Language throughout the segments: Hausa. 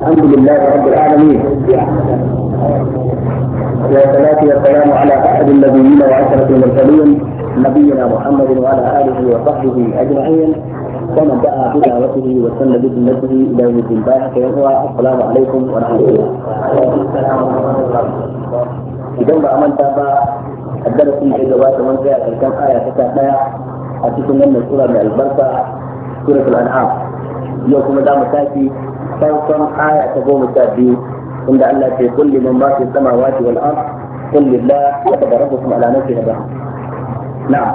الحمد لله رب العالمين والصلاة والسلام على أحد النبيين وعشرة المرسلين نبينا محمد وعلى آله وصحبه أجمعين ومن دعا بدعوته وسن بسنته إلى يوم الدين باحث السلام عليكم ورحمة الله إذا ما أمنت الدرس في جواز من جاء كم آية تسعة أتيكم من سورة البركة سورة الأنعام يوم ما دام تأتي صوت آية تقوم التأديب عند لعل في كل من ما في السماوات والأرض قل لله كتب ربكم على نفسه به نعم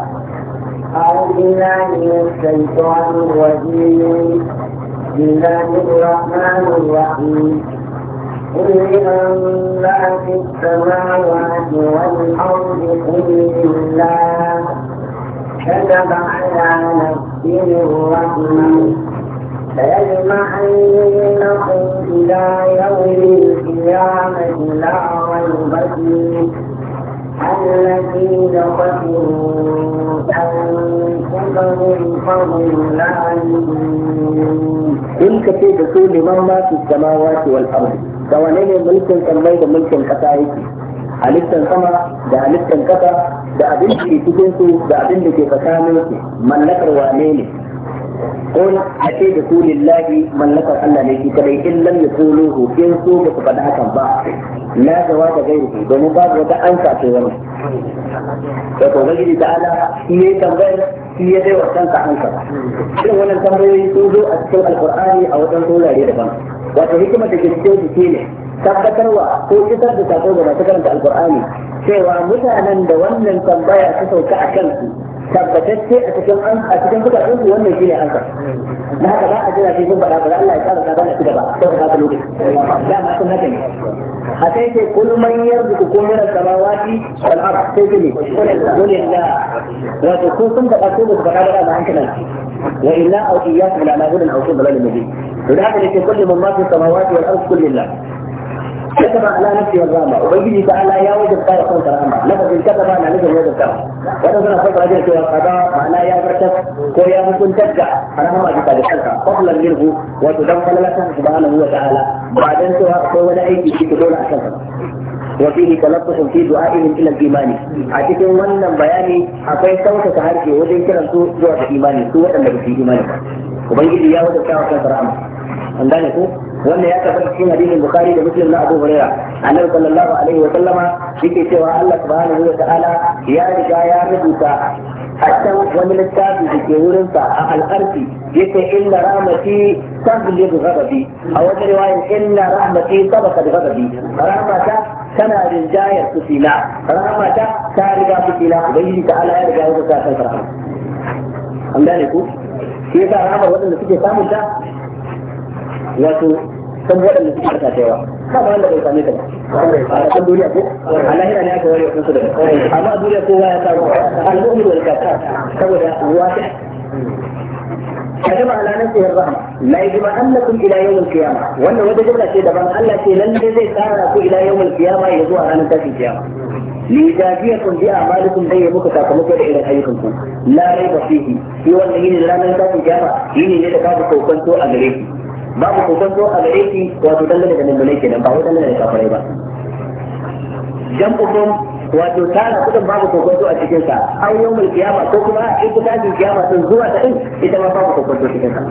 أعوذ بالله من الشيطان الرجيم بسم الله الرحمن الرحيم قل لمن ما في السماوات والأرض قل لله كتب على نفسه الرحمن فيجمع بينهم إلى يوم القيامة لا ريب فيه الذين خسروا أنفسهم فهم لا يؤمنون in ka ce da su liman masu zama wal'amu da wane ne mulkin sammai da mulkin kasa yake halittan sama da halittan kasa da abin da ke su da abin da ke fasa mulki mallakar wane ne قل أتي بقول الله من لك أن ليكي كبي إن لم يقولوه إن سوء فقد حكم لا جواب غيره بمقابل وتأنسى في ورمه وتغير تعالى هي تنبير هي دي وتنسى عنك إن ولا تنبير سوء أتسوء القرآن أو تنسوء لأي ربما وتهكمة تجسيو تكينه tabbatarwa ko fitar da sako da masu karanta alkur'ani cewa mutanen da wannan tambaya ta sauka a kansu tabbatacce a cikin an a cikin zukatun su wannan shine an na haka ba a jira sai sun faɗa ba Allah ya tsara ta bana gaba sai ka ka lokaci da ma sun haka ne a sai ce kul man yarzuku kum min samawati wal ard sai ce ne kulillah wato ko sun faɗa ko ba faɗa ba an kana wa illa au iyyakum la nahudun au shibra lil mubin to da haka ne kullu man ma fi samawati wal ard kulillah كتب على نفسه الرحمة وبيجي تعالى يا وجد قال صوت الرحمة لفظ كتب على نفسه وجد قال وانا سنة صوت رجل في القضاء معناه يا مرتب كو يا ممكن ترجع انا ما جيت على الحلقة فضلا منه وتدخل لك سبحانه وتعالى بعدين سوى ولا اي شيء تدور عشان وفيه تلطف في دعائهم الى الايمان حتى wannan bayani akwai sauka ta harshe wajen kiran su zuwa ga imani su waɗanda ba su imani ba ubangiji ya wadanta wa kansa rahama عندك وان يا تفهم في حديث البخاري ومسلم ابو هريره عن صلى الله عليه وسلم في سوى الله سبحانه وتعالى يا رجا يا رجوكا حتى ومن التابع في ورنسا اهل ارضي يكي ان رحمتي تغلب غضبي او في روايه ان رحمتي طبقت غضبي رحمتك سنة رجايا تسيلا رحمتك تارجا تسيلا بيجي تعالى يا رجا وتسيلا عندك يكون كيف رحمه وزن نتيجه كامل ya so san waɗanda suka harka ta yawa ba ba wanda bai same ta ba a duniya ko a lahira ne aka ware su da amma a duniya kowa ya samu al'ummi da ta saboda wasu kaji ma'ana ce yarda la yajma annakum ila yawm al-qiyamah wannan wata jumla ce daban Allah ce lalle zai tsara ku ila yawm al-qiyamah ya zuwa ranar tashin kiyama li jabiyatun bi amalikum dai muku sakamako da irin ayyukan ku la rayba fihi shi wannan yini ranar tashin kiyama yini ne da kafa kokon to a gare ki babu kokonto a gare shi wato dangane da mummunai kenan ba wai dangane da kafirai ba jam'ukum wato tara kudin babu kokonto a cikin sa an yau mai kiyama ko kuma in ku tashi kiyama sun zuwa ta din ita ma babu kokonto cikin sa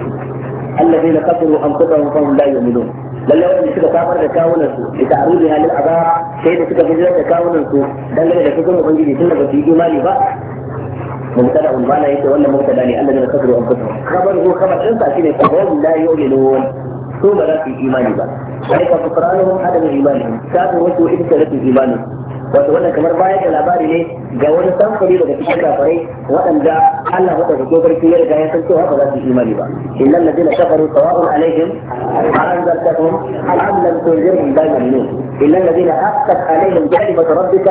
الذين كفروا انفسهم فهم لا يؤمنون lalle wanda suka samar da kawunan su da ta'arudi halin azaba sai da suka fitar da kawunan su dangane da cikin ubangiji tun da ba su yi imani ba مبتدا وانا يتولى مبتدا الذين كفروا انفسهم خبره خبر انت اكيد فهم لا يؤمنون ثم لا في ايمان بقى فليس فقرانهم عدم ايمانهم كانوا وجهوا في ايمانهم wato wannan kamar bayar da labari ne ga wani samfuri daga cikin kafirai waɗanda Allah wata da gobarki ya riga ya san cewa ba za su imani ba innal ladina kafaru sawa'un alaihim anzartahum am lam tunzirhum la yu'minun إلا الذين حقت عليهم كلمة ربك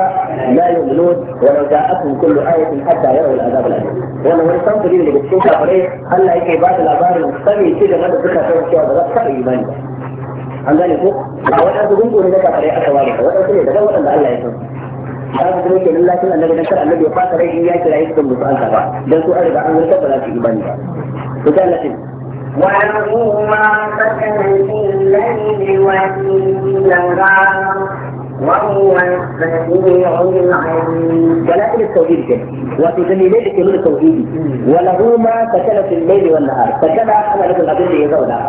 لا يؤمنون ولو جاءتهم كل آية حتى يروا العذاب الأليم. وأنا وين تنقل اللي بتشوف عليه ألا يكفي بعض الآبار المستمي كده ما بتفكر في الشيء هذا لا إيمان. عن ذلك هو أنا تقول لك عليه أكوارك وأنا أقول لك الله يسلمك. ba su kuma kenan annabi dan kar annabi ya fasa rai ya kira yi cikin musu an ba dan su an an zartar ba za su imani ba to ta lakin وله ما سكن في الليل والنهار وهو السميع العليم ولكن التوحيد كده وتجلي ليلك من التوحيد وله ما سكن في الليل والنهار سكن انا لكم الابد يزولا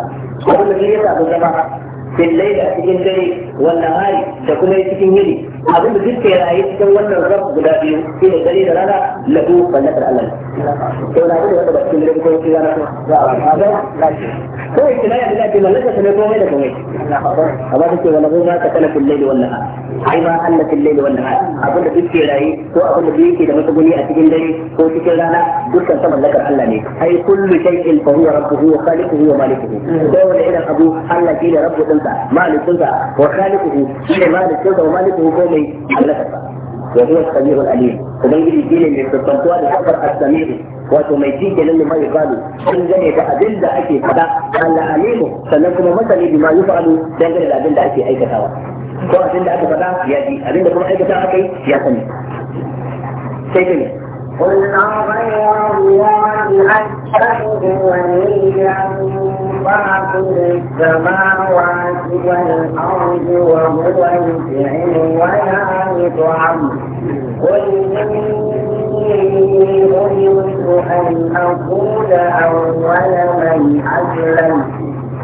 أقول لك ليس أبو جماعة في الليل أتكين دي والنهار تكون يتكين يلي abin da duka ya rayu cikin wannan rab guda biyu shi ne dare da rana lagu sannatar Allah to na gudu wanda ba cikin dare ko cikin rana kuma za a ga ko yake na yadda ke mallaka ta ne komai da komai amma take wala goma ta kana kullai da wannan ai ma Allah kullai da wannan abin da duka ya rayu ko abin da yake da matsuguni a cikin dare ko cikin rana dukkan sa mallakar Allah ne ai kullu shay'in fa huwa rabbuhu wa khaliquhu wa malikuhu da wanda irin abu Allah shi ne rabbu dinsa malikinsa wa khaliquhu shi ne malikinsa wa malikuhu ko الحصري ثلاثة وهو السميع الأليم وبين الدين اللي في الطنطوان حفر السميع وتميتين لأنه ما يقال إن جنن بأدل دعكي فدا قال أليمه فلنكم مثلي بما يفعلوا جنن الأدل دعكي أي كتاوة سواء أدل دعكي فدا يأتي أدل دعكي أي كتاوة يا يأتني سيدني قل أغير الله أشهد وليا بعث السماوات والأرض وهو يسعي ويعرض عنه قل إني أمرت أن أقول أول من أسلم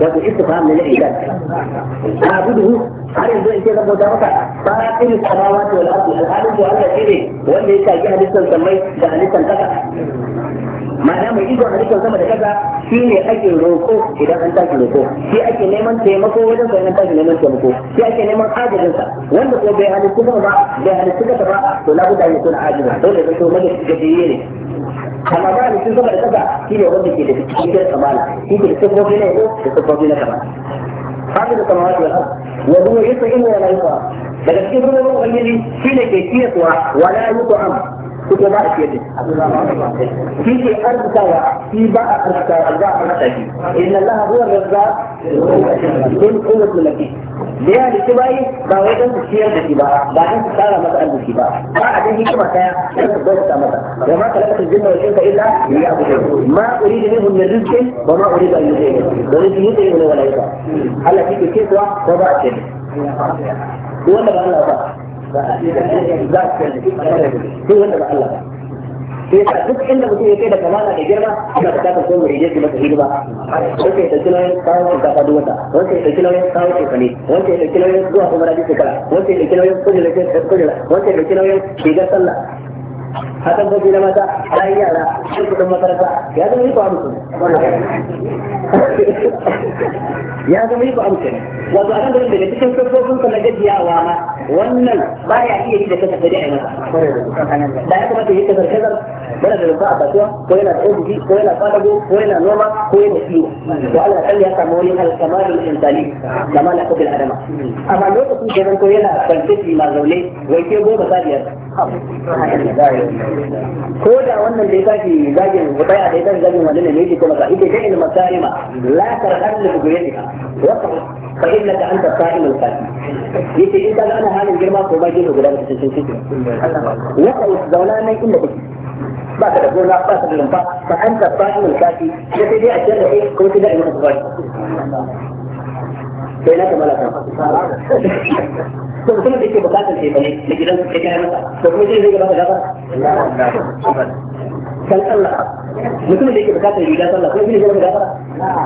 wato istifham ne na idan gudu har yanzu in ce zan bauta maka fatin samawati wal ardi alhalin da Allah shi ne wanda ya kaki halittar samai da halittar kasa ma'ana mai ido halittar sama da kasa shi ne ake roƙo idan an tashi roƙo, shi ake neman taimako wajen sa an tashi neman taimako shi ake neman agajin sa wanda ko bai halittu sama ba bai halittu kasa ba to na labuda ne sun ajiza dole zai to magana gajiye ne amma ba ni sun da kasa shi ne wanda ke da cikin kamala shi ke da sabbobi na yau da sabbobi na kamala haka da kamala wal ard wa huwa yusaimu wa la yusra daga cikin ruwan ubangiji shi ne ke kiyaswa wa la yutam kuma ba a fiye da shi ke arzikawa shi ba a arzikawa za a arzika shi inna Allah huwa razza don kuma mulki da ya da bayi ba wai don su ciyar da shi ba ba don su tsara masa arziki ba ba a dan hikima kaya don su bauta masa da ma kalaka su jinna wajen ka illa ya abu da ma uridu minhum min rizqin wa ma uridu an yudayna don su yudayna wala wala yaka Allah shi ke cewa ba a ce wanda ba Allah ba za ka duk wanda ba Allah ba sai duk inda mutum ya kai da kamala da girma ana bukatar ko muride su masa hidima wanda ya dauki nauyin kawo shinkafa duk wata wanda ya dauki nauyin kawo shekane wanda ya dauki nauyin zuwa kuma rajin shekara wanda ya dauki nauyin kujera wanda ya dauki nauyin shigar sallah hakan gobe na mata a yi yara shi kudin makaranta ya zama yi ko amsu ya zama yi ko amsu wato a kan gudun daga cikin sassofin sa na gajiyawa ma wannan ba ya iya yi da kasa sai dai a masa da ya kamata yi kasar kasar yana da rufa a kasuwa ko yana da ofishi ko yana kwadago ko yana noma ko yana kiwo to Allah kan ya samu wani alkamarin insani kamar na kabil adama amma lokacin da ko yana kwance ma zaune wai ke goma sa biyar ko da wannan da ya tashi zagin mutaya da ya tashi zagin wannan ne yake kuma ka ita dai ilma sa'ima la tarqan li bughyatika wa fa innaka anta sa'im al-fati yace in kaga ana halin girma ko ba gefe guda da cikin cikin wa ka zauna nan inda kake ba ka da gona ba ka da rumfa fa anta sa'im al-fati sai dai a cikin da kai ko sai da ilma sa'ima sai na kamala ka to mutumin da yake bukatar sai bane da gidan su kai masa to kuma zai zai gaba da gaba kan Allah mutumin da yake riga sallah ko shi ne zai gafara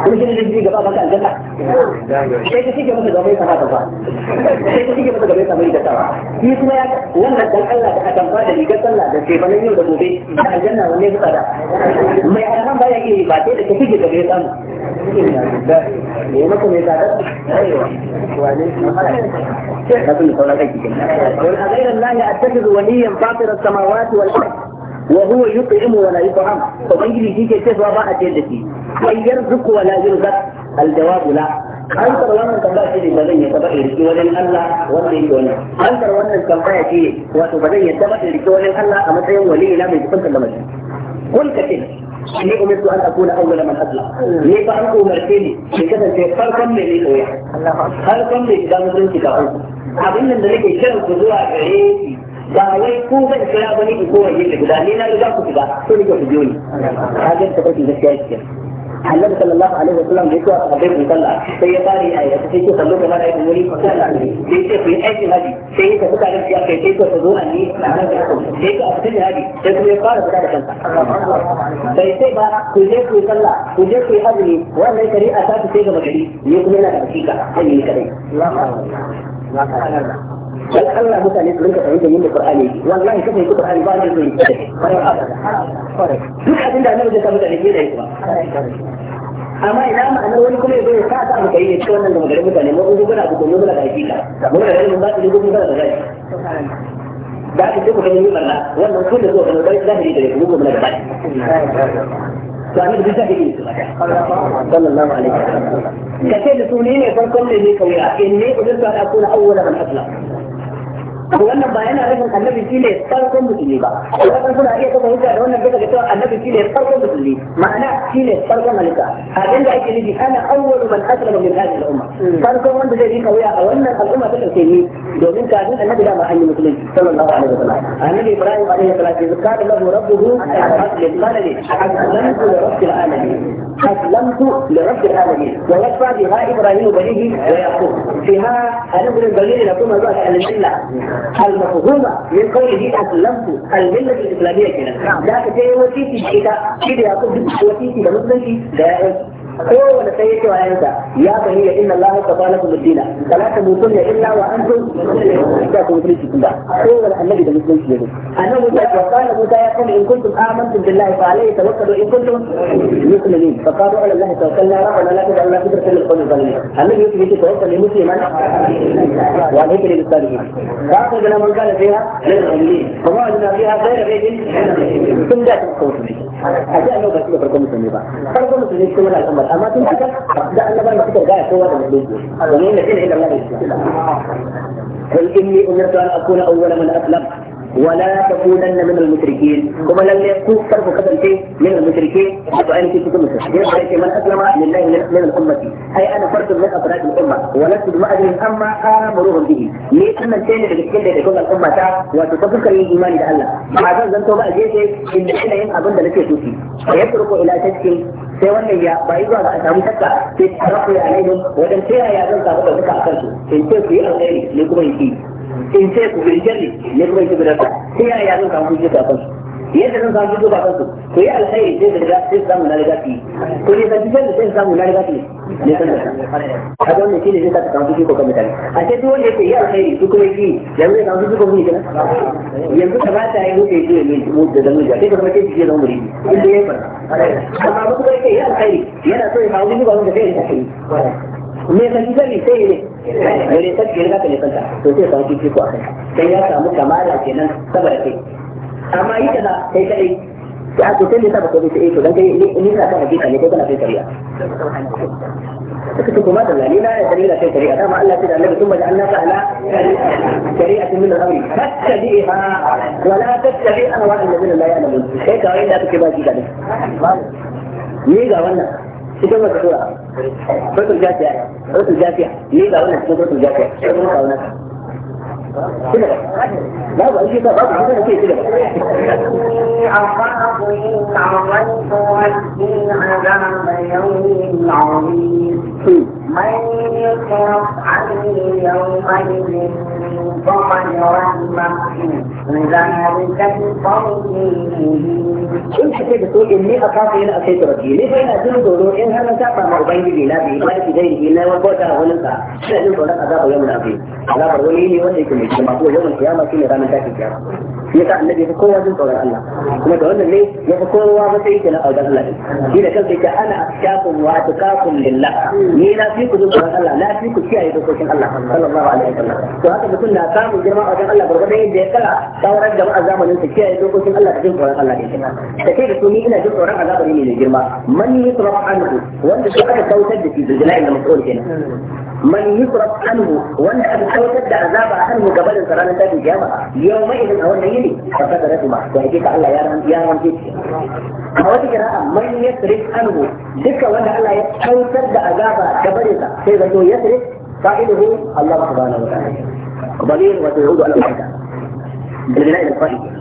ko shi ne zai gaba maka aljanna sai ka shige masa gaban sama ba sai ka shige masa gaban sama da sama shi kuma ya wannan dan da aka fara riga sallah da sai yau da gobe da aljanna wanne ya tsada mai haraman ba ya ba sai da ka shige sama ne wane sauran a gairar a tafi waliyan fatirar samawati wal ardh wa huwa yut'imu wa la yut'am ubangiji shi ke cewa ba a ce da shi wai yarzuku wa la yurzaq al-jawab la an tar wannan tambaya ce ne ba zan yadda ba irki riki wajen Allah wanda yake wannan an tar wannan tambaya ce wato ba zan yadda ba irki riki wajen Allah a matsayin wali ila mai kusantar da mace kun kace ce ni umirtu an akuna awwala man hadla ni fa an umarce ni ki kasance farkon ne ne koya farkon ne shiga da ku abin nan da nake kiran ku zuwa gare ki ba wai ku zan kira wani in ko wani guda ni na riga ku shiga ko ni ku biyo ni ka ga ta kake gaskiya ce annabi sallallahu alaihi wasallam da yake a bai sallah sai ya bari a yau sai ke sallo kamar ai wuri sallah sai ce ku yi aiki haji sai ka buka da ya kai sai ta zo a ni sai ka fita haji sai kuma ya fara fita da kanka sai sai ba ku je ku sallah ku je ku yi azumi wannan shari'a ta ce ga magari ne kuma yana da hakika sai ne kadai dan Allah mutane su rinka fahimtar yadda Qur'ani wallahi kafa yadda Qur'ani ba ne zai yi kwarai duk abin da annabi zai ka mutane ke da yi kuma amma ina ma'anar wani kuma yazo ya sa ta mu kai ya ci wannan da magana mutane mu gudu gana gudu mun da hakika mun da ganin ba su gudu mun da zai da aka ce ku ganin yi barna wannan kun da zo da bai zahiri da ku mun da bai to annabi zai zahiri ne sallallahu alaihi wasallam kace da su ne farkon ne ne kauya inni ulil ba akuna awwala man aslam wannan ba yana nufin annabi shi ne farkon musulmi ba wannan suna iya kafa hujja da wannan bisa ga cewa annabi shi ne farkon musulmi ma'ana shi ne farkon halitta abin da ake nufi ana awwalu man aslama min hadhihi al-umma farkon wanda zai yi kauya a wannan al'umma ta dauke ni domin kafin annabi da ma an yi musulunci sallallahu alaihi wasallam annabi ibrahim alaihi salatu wa kana lahu rabbuhu al-qalbi aslamtu li rabbil alamin aslamtu li rabbil alamin wa yasfa biha ibrahim banihi wa yaqub fiha anabul balil lakum zuwa al-jannah المفهومة من قوله أسلمت الملة الإسلامية كده نعم. لا تتعي وسيتي كده كده يقول وسيتي ده مسلمتي ده إيه؟ kowane sai yake wa yanka ya bayyana inna Allah ya kafa lakum ad-dina fala tamutunna illa wa antum da ku mutunci kun ba kowane annabi da mutunci yake annabi Musa ya kana Musa ya kana in kuntum amantum billahi fa alayhi tawakkalu in kuntum muslimin fa qalu ala Allah tawakkalna rabbana la tad'alna fi dhikri al-qawmi zalimin annabi yake yake tawakkal musliman wa alayhi bi salihin ba ka ga man kana fiha lil-muslimin fa ma anna fiha ghayra rajulin tun da sun kawo musulmi a da annabawa su da farkon musulmi ba farkon musulmi su wani al'ummar amma tun haka da annabawa da suka gaya kowa da musulmi domin da shi ne ilimin da shi قل إني أمرت أن أكون أول من أسلم ولا تكونن من المشركين كما لم يكون كرب كسر شيء من المشركين وأنا في كتب المشركين من أسلم لله من الأمة أي أنا فرد من أفراد الأمة ولست بما بأجر أما آمرهم به أن الشيء اللي بتكلم يكون الأمة تعب وتتفق الإيمان إلى الله مع ذلك زنتوا بقى جيسي إن إحنا يبقى بند لك يسوسي فيترك إلى شك sai wannan ya على zuwa ga a عليهم takka sai يا rafu ya alaihim wajen إن ya zan samu ɗaukaka a in ce ku bin sharri ya kuma yi gudansa ta yaya ya zan samu hujjar kafin yadda zan samu hujjar kafin su to yi alkhairi sai da riga sai samu na riga fi ko ne san sharri sai samu na riga fi ne san da ka ga wannan shine zai ta samu hujjar kafin mutane a ce duk wanda yake yi alkhairi su kuma yi yanzu zai samu hujjar kafin kenan yanzu ka ba ta yi hujjar yi mu da zanu ja sai ka kuma ce shi zan muri inda ya fara amma mutum yake yi alkhairi yana so ya samu hujjar kafin da sai ya tafi me san sharri sai ne yare ta ke riga ka ne kanta to sai samu fifiko a kai sai ya samu kamala kenan saboda kai amma yi kaza kai kadai sai a sosai ne saba kodin sai to dan kai ni ina kan hakika ne ko kana kai kariya. suka ce kuma da ni na yadda ina kai shari'a dama Allah ya da annabi sun bajan naka ala shari'atin min al-amri fattabi'ha wa la tattabi ahwa alladhina la ya'lamun kai kawai da kake ba shi kadai ni ga wannan ita ba tura sautul jafiya sautul jafiya ne ga wannan cikin sautul jafiya sai kuma kawo babu babu ظهر والمقصود ذلك القول in ake da so in ne a kafa yana a kai rabbi ne fa ina jin tsoro in har na saba ma ubangiji na bi ba ki dai na wani bauta wani sa ina jin tsoron azabar yau na bi azabar wani ne wanda yake mai kuma ko yawan kiyama shine ranar tafi kiyama shi yasa annabi ya kowa jin tsoron Allah kuma da wannan ne ya fi kowa matsayi ke na tsoron Allah ne shi da kansa yake ana ashakun wa tukakun lillah ni na fi ku jin tsoron Allah na fi ku kiyaye dokokin Allah sallallahu alaihi wasallam to haka mutum na samun girma a wajen Allah gurgurdan yadda ya kala sauran jama'a zamanin sa kiyaye dokokin Allah da jin tsoron Allah ne da kai da su ni ina jin tsoron azabari ne mai girma man yusra anhu wanda shi aka kautar da shi da jila'in da mas'ul kenan من يصرف عنه ولا أن حوتد عذاب عنه قبل سرانة ذات الجامعة يومئذ أو الليل فقد رسمه ويجيك الله يا رمزيك a wata kira'a man ya sirif anhu duka wanda Allah ya kautar da azaba da bare sa sai zato ya sirif fa'iluhu Allah subhanahu wa ta'ala qadir wa ta'udu ala al-fata bil bina'i al-fa'il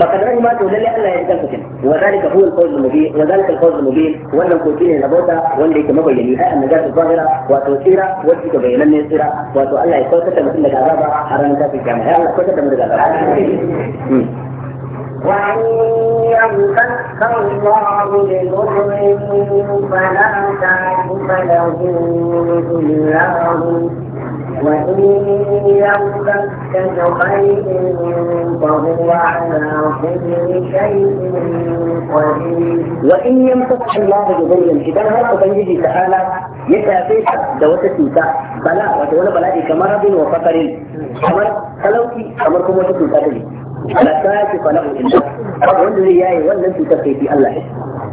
فقد رغم ما تقول لي الله يجزاك كن وذلك هو الفوز المبين وذلك الفوز المبين وان الكوتين لابوتا وان ليك ما بين لها ان جات الظاهره وتثيره وتثيك بين النيسيره وتو الله يكوتك كما كنا كذابا حرام انت في الجامعه الله يكوتك كما كذابا وان يمسك الله بضر فلا تعجب له الا هو وإن يمسك بخير فهو على كل شيء قدير وإن يمسك الله بظلم إذا هل أبنجي تعالى يتعفيش دوت سوتا بلا وتولى بلا كمرض وفقر كمر تلوكي أمركم كمر تسوتا فلا كاشف له إلا والذي ياي والذي تكفي في الله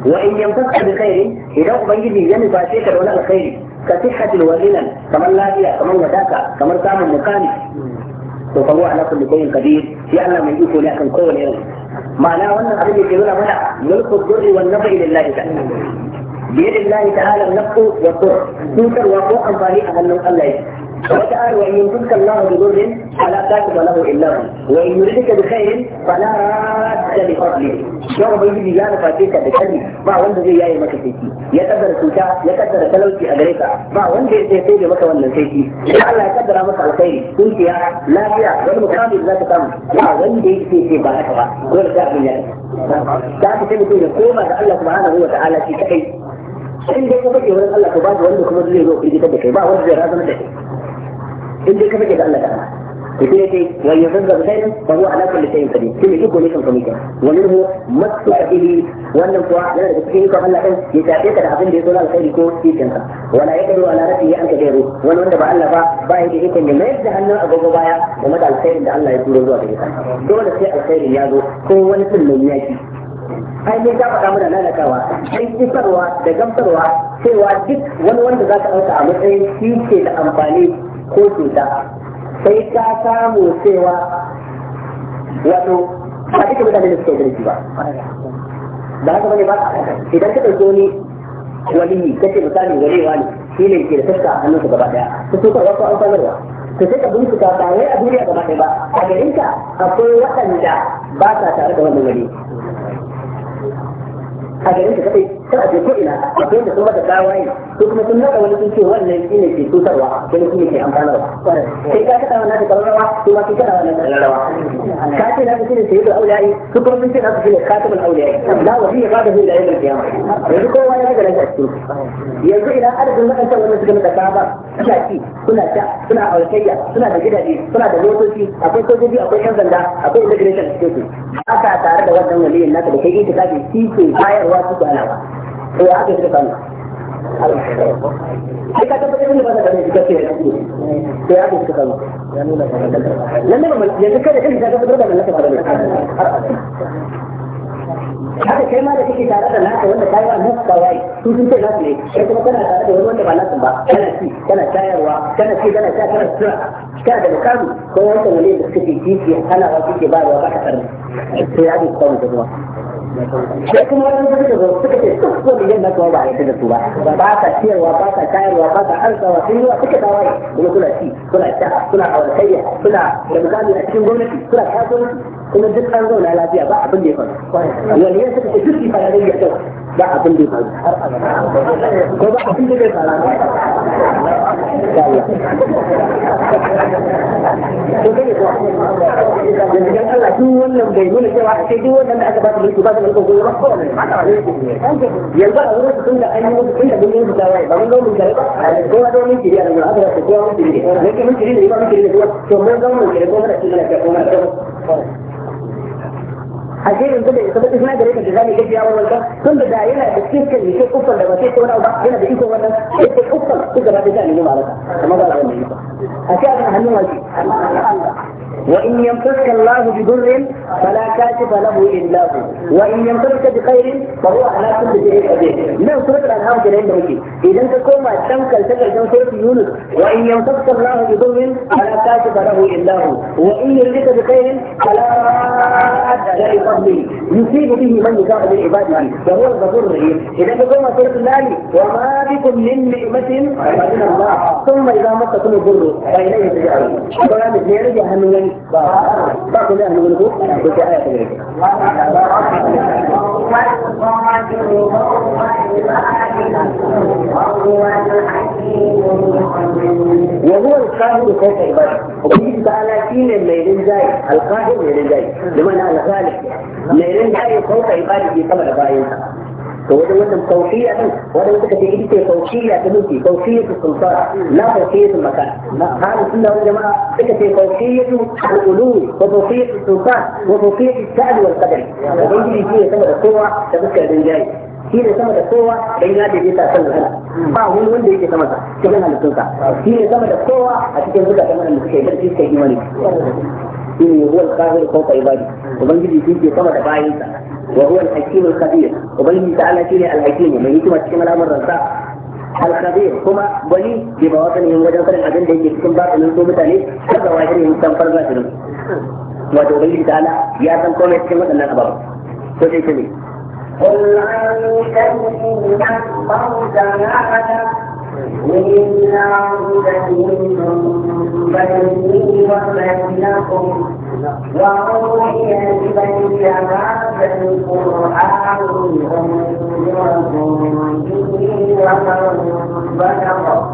وإن يمسك بخير إذا أبيني يمسك فاتيك ولا الخير كصحة وغنى كمن لا كما كمن وداك كمن قام مكاني وفهو على كل شيء قدير في الله من يكون لكن كون يوم معناه أن الأبد يقول لك ملك الضر والنفع لله تعالى بيد الله تعالى النفع والضر تنكر وقوع أنفاني أهل الله وقال وإن يمسك الله بضر فلا كاتب له إلا هو وإن يريدك بخير فلا راد لفضله يوم بيجي لا فاتيك بكذب ما وند زي ياي مكا سيكي يقدر سوتا يقدر تلوتي أغريكا ما وند زي سيدي مكا وند سيكي الله يقدر مكا الخير كنت يا لا يا ولا مقابل لا تتم ما وند زي سيدي بارك الله دول كافي يعني كافي سيدي يقوم الله سبحانه وتعالى في كيف in dai ka bake wurin Allah ka ba wanda kuma zai zo firgitar da kai ba duk dai ka fage da Allah ta'ala to sai dai wa yuzza bi shay'in fa huwa ala kulli shay'in qadir shi ne iko ne kan komai wa minhu masu bihi wannan kuwa yana da cikin iko Allah din ya tafi ka da abin da ya zo na alkhairi ko cikin ka wala yaqdiru ala nafsihi an kadairu wani wanda ba Allah ba ba ya da iko ne mai da hannun agogo baya da mata alkhairin da Allah ya turo zuwa gare ka dole sai alkhairin ya zo ko wani sunan yaki ai ne ka faɗa mana lalatawa sai isarwa da gamsarwa cewa duk wani wanda za ka ɗauka a matsayin shi ke da amfani ko cuta sai ka samu cewa wato ba duka mutane da suke gani ba ba haka bane ba idan ka ɗauki wani yi kace misali warewa ne shi ne ke da tafka a hannunsa gaba daya ta so karwa ko an sanarwa ta sai ka bincika ba wai a duniya gaba ɗaya ba a garin ka akwai waɗanda ba sa tare da wannan wani a garin ka kadai ta a ko ina akwai da sun mata tawaye ko kuma sun nada wani sun wannan shi ne ke tutarwa wani shi ke amfanarwa sai ka kada wannan da rawa ko ma kai kada wannan da ka ce na shi ne sayyidul auliyai ko kuma sun ce na shi ne khatimul auliyai la ba da hu da yawmul qiyamah yanzu kowa ya daga nan a cikin yanzu ina adadin wadannan wannan suka mata tawaye suna ci suna sha suna auratayya suna da gidaje suna da motoci akwai sojoji akwai yan sanda akwai immigration security haka tare da wannan waliyin naka da kai ita kafi shi bayarwa su alawa هو هذا الشيطان sai ka tabbatar da ba da kai kace sai ya kuka kawo ya nuna ba da lalle ba yanzu kada kai ka tabbatar da mallaka ba ne haka kai ma da kake tare da naka wanda yi wa naka kawai su sun ce nasu ne kai kuma kana tare da wani wanda ba nasu ba kana ci kana tayarwa kana ci kana sha kana sura kana da mukami ko wanda wani da suke kici kana wa kike ba da wa ka karbi sai ya kuka kawo da ruwa sai kuma wani suka zo suka ce duk wani yin nan ba a yi da su ba ba ka ciyarwa ba ka cayarwa ba ka arzawa sun yi wa suka dawaye kuma suna ci suna sha suna auratayya suna da misali a cikin gwamnati suna kasuwanci kuma duk an zauna lafiya ba abin da ya faru waliyan suka ce duk ifa ya rage kyau ba abin da ya faru ko ba abin da ya faru Allah aka ba su mulki ba da an yi musu tun da mun yi da wai ashe yanzu da isa baki suna gare ka da zani gaji yawon wanka tun da yana da cikin ne ke kufan da ba sai wani ba yana da iko wannan sai ke kufan su gaba da zani ne malaka kamar ba da wani iko ashe abin hannun wasu وإن يمسك الله بضر فلا كاشف له إلا هو وإن يمسك بخير فهو على كل شيء قدير من سورة الأنعام كده عندنا مكي إذا أنت كوما تنكل تنكل سورة يونس وإن يمسك الله بضر فلا كاشف له إلا هو وإن يمسك بخير فلا راد لفضله يصيب به من يشاء من عباده فهو الغفور الرحيم إذا أنت كوما سورة الله وما بكم من نعمة فمن الله ثم إذا مسكم الضر فإليه تجعلون. ba ku ne a nuna ko ko ke aya ne mai rin jai mai rin dama na al-khalik mai rin jai ko ta ke kama da bayan فوجد مثل فوقية ولا مثل كتيجي فوقية تنوتي فوقية السلطان لا فوقية المكان هذا السنة والجماعة فكرة فوقية الألوه وفوقية السلطان وفوقية الشأن والقدر وبيجي يجي يسمى القوة تذكر بالجاي shi ne sama da kowa da ya da yasa san wahala ba wani wanda yake sama da cikin halittunsa shi ne sama da kowa a cikin zuka kamar da suke barci suke imani shine huwa al-qahir fawqa ibadi ubangiji shi ke sama da bayinsa wa huwa al-hakim al-khabir ubangiji ta'ala ne al-hakim mai hikima cikin al'amuran sa al-khabir kuma wani ke ba wata ne wajen sanin abin da yake cikin batsalin su mutane kaga wani ne mutan farza su wato ubangiji ya san komai cikin waɗannan ababen ko dai ne قل عن شيء أكبر إن عودتهم بيني وبينكم وأوحي إلي هذا القرآن أنذركم به ومن بلغ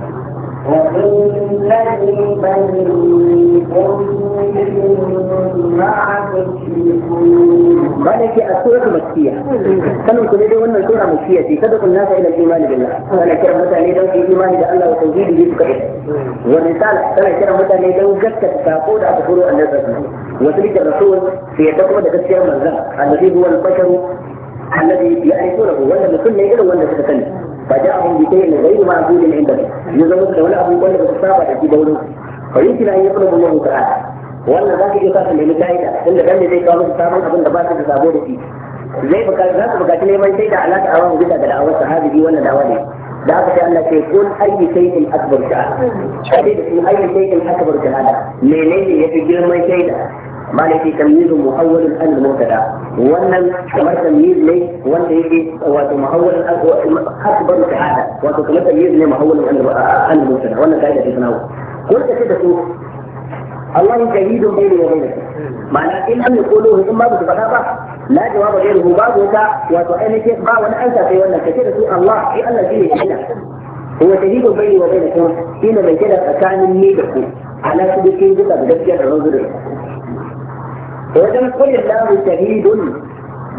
وقيل للبنيكم Bada ke a sura makkiya, sanin ku ne dai wannan sura makkiya ce, kada kun nasa ila imani billah, tana kiran mutane don su imani da Allah wa tauhidi ne suka isa. Wa risala tana kiran mutane don gaskata sako da aka furo annabi sallallahu alaihi wasallam. Wa tilka rasul sai ya kuma da gaskiyar manzon, annabi huwa al-basharu alladhi ya'rifunahu wanda mutum ne irin wanda suka sani. فجاءهم بشيء غير معقول عندهم يزود دولة أبو بكر بالصحابة في دوله فيمكن أن يطلب الله تعالى ولا ذاك يقاتل من الكائدة إلا كان زي قالوا الصحابة أبن دباسة تصابوا فيه زي بكار ذاك بكار نيمان سيدة على دعوة بدا دعوة صحابي ولا دعوة da aka ce Allah ce kun ayi shay'in akbar shahada sai da kun ayi shay'in akbar shahada menene yafi girman shaida مالك تمييز محول الان المبتدا وان كمان تمييز لي وان يجي وقت الان هو اكبر في هذا تمييز لي محول الان المبتدا وان قاعده في تناول قلت كده شوف الله شهيد بيني وبينك معناه ان لم يقولوا هم ما بتبقى لا جواب غيره باب وكا وتؤمن كيف با وانا انت في وانا كثير في الله في ان الذي هنا هو شهيد بيني وبينك هنا من كده كان ميدكم على سبيل المثال بدك تجد wajen kullum lahu shahidun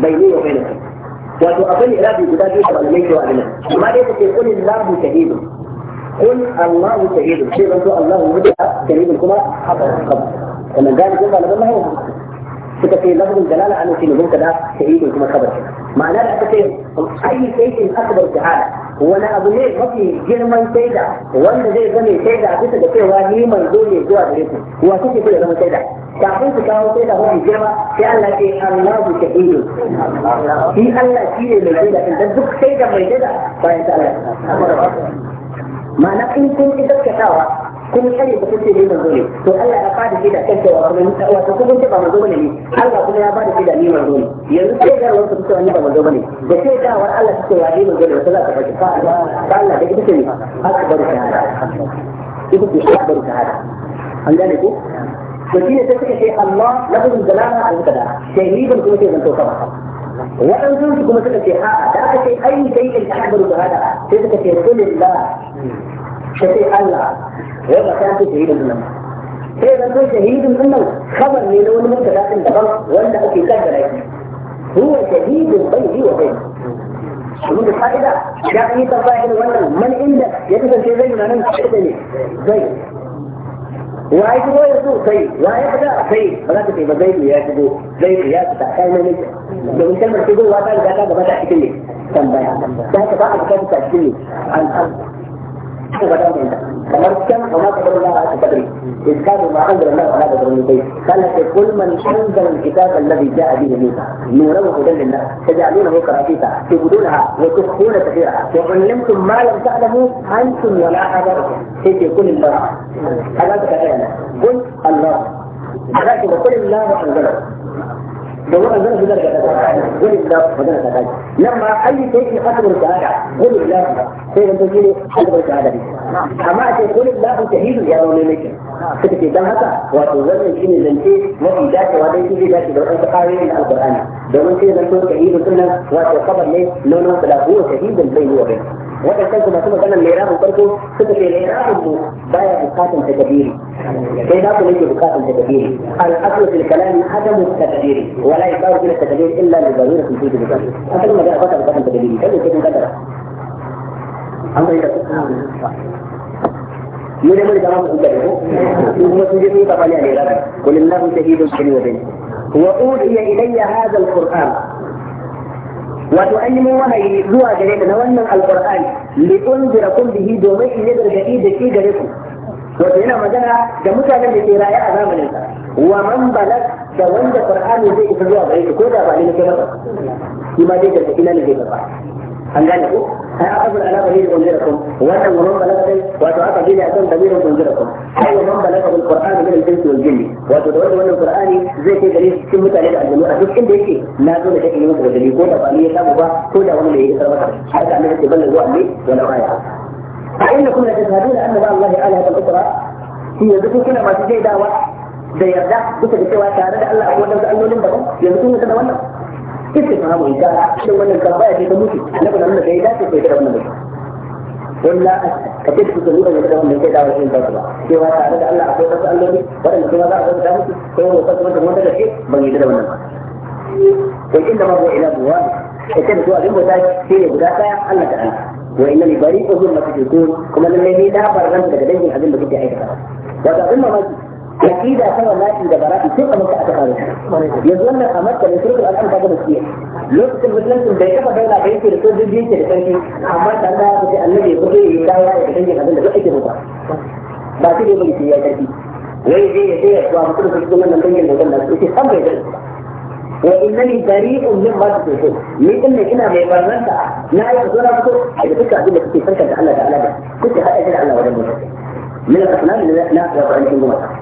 bayni wa bainakum wato akwai irabi guda biyu da malamai cewa dinan amma dai take قل الله شهيد شيء بس الله مدعى شهيد كما خبر خبر قال كما يقول لما هو في لفظ الجلالة على في نظام كذا شهيد كما خبر معناه أي شيء أكبر شهادة wani abu ne mafi girman shaida wanda zai zama shaida bisa da cewa ni mai ne zuwa gare ku wa kuke so da zama shaida kafin su kawo shaida mafi girma sai Allah ce Allahu shahidu shi Allah shi ne mai shaida dan duk shaida mai shaida bayan Allah ma'ana in kun ki gaskatawa kun kare ba kace ne manzo ne to Allah ya bada shi da kanta wa kuma wato kun ce ba manzo bane ne Allah kuma ya bada shi da ni manzo ne yanzu sai ga wasu su wani ba manzo bane da sai ga wa Allah su ce wa ni manzo ne sai za ka faɗi fa Allah da kike ne akbar shahada ita ce akbar shahada an gane ko to shi ne sai suka ce Allah lafazin zalala al-kada sai ni ban kuma ce zan to kaba waɗansu su kuma suka ce a'a da aka ce ai sai in akbar shahada sai suka ce kulillah sai Allah وضع كانت شهيد الأمة فإذا كان شهيد الأمة خبر من لو أنه كذا أنت غلط وأنت أوكي كذا لا هو شهيد بيني وبينك ومن الفائدة جاء إيه تفاعل وأنا من عندك يجب أن تكون أنا مستحدني زي وعيد هو يسوع زي وعيد هذا زي طيب. ولا تكفي بزيد يا تبو زي يا تبو أنا نجح لو أنت ما تقول واتان جاتا بما تحكي لي تنبأ تنبأ تنبأ تنبأ تنبأ تنبأ تنبأ تنبأ kamar can a maka bada Allah a kadari in kanu ma an zara Allah ala da kai kana ce kul man anzala alkitab alladhi ja'a bihi Musa nuran wa hudan lin-nas taj'alunahu qaratita tubdunaha wa tukhfuna kathira wa 'allamtum ma lam ta'lamu antum wa la abarukum sai ce kul Allah ala ka kadari kul Allah ala ka kul Allah anzala هو ان انا في درجه ثانيه قل الله وده انا سعداني لما اي شيء في حسب السعاده قل الله سيد انت تقول حسب السعاده دي اما اتي قل الله شهيد يا رب الملك كنت في دمك وتوزن الجن الذي وفي ذاك وفي ذاك ذاك لو انت قارئ القران لو انت لم تكن شهيد كنا وفي القبر ليه لو انت لا هو شهيد بين هو بينك waɗannan kuma su maganar lairafin farko suka ce lairafin mu baya bukatan takabiri sai za ku nake bukatan takabiri al-aslu fil kalam adam takabiri wala yaqaw bil takabir illa li darura fi sujud al-qalb asalin magana ba ta bukatan takabiri kai ce kun kadara an bai da ni da mun da mun da ko kuma sun je su ta bani a lairafin kulillahu shahidun bainana wa uhiya ilayya hadha al-qur'an wato an yi mun wahayi zuwa gare ka na wannan alqur'ani li unzirakum bihi domin in yi gargadi da shi gare ku wato yana magana da mutanen da ke raye a zamanin sa wa man balag da wanda qur'ani zai isa zuwa gare ku ko da ba ne na kai masa shi ma dai gargadi na ne zai gaba أم ذلك أنا أقول أنا أريد أنذركم وأنا من بلغت وأتعاطى بي لأكون دليل أنذركم أي من بلغه القرآن من الجنس والجن وتدعوه من القرآن زي كي ليه كم متعلق على الجنوب أشوف كم بيشي لا تقول شيء من مدرسة اللي يكون أقلية تابوبا كل أولي اللي يجي سرقة حتى أنا أتبلغ وعلي ولا فإنكم لتشهدون أن مع الله آلهة الأخرى هي ذكر كل ما تجي دعوة da yarda bisa da cewa tare da Allah akwai wadansu allolin daban yanzu sun kisa ta hamu ita shin wannan karbaya ce ta mutu annabi na nuna da ya dace ko ya wannan mutu illa ka ce su zuwa da wannan sai dawo shi ba cewa tare da Allah akwai wasu alloli waɗanda kuma za a zama da mutu ko wani wasu wanda wanda da ke ban yi da wannan ba to inda ma huwa ila buwa ita da zuwa abin bauta shi ne guda ɗaya Allah ta Allah wa inna li bari'un mimma tushrikun kuma lalle ni da barranta daga dangin abin da kuke aikata wato abin mamaki aqida ta wallahi da bara'i tun a maka aka fara yanzu wannan a makka da shirkul al'am ta gaba ciye lokacin musulunci bai kafa daula bai yake da sojoji yake da sarki amma da Allah ya fice annabi ya fice ya dawo ya fice ya abin da duk ake mutuwa ba shi ne mulki ya karfi wai zai ya tsaya wa mutum su cikin wannan dangin da wannan su ce san bai dai wa innani bari'un mimma tushrikun ni din ne ina mai barranta na yi zuwa ko a duka abin da kuke sarkar da Allah da Allah da kuke hada da Allah wajen mutum من الأصنام اللي لا يقع عندهم مطعم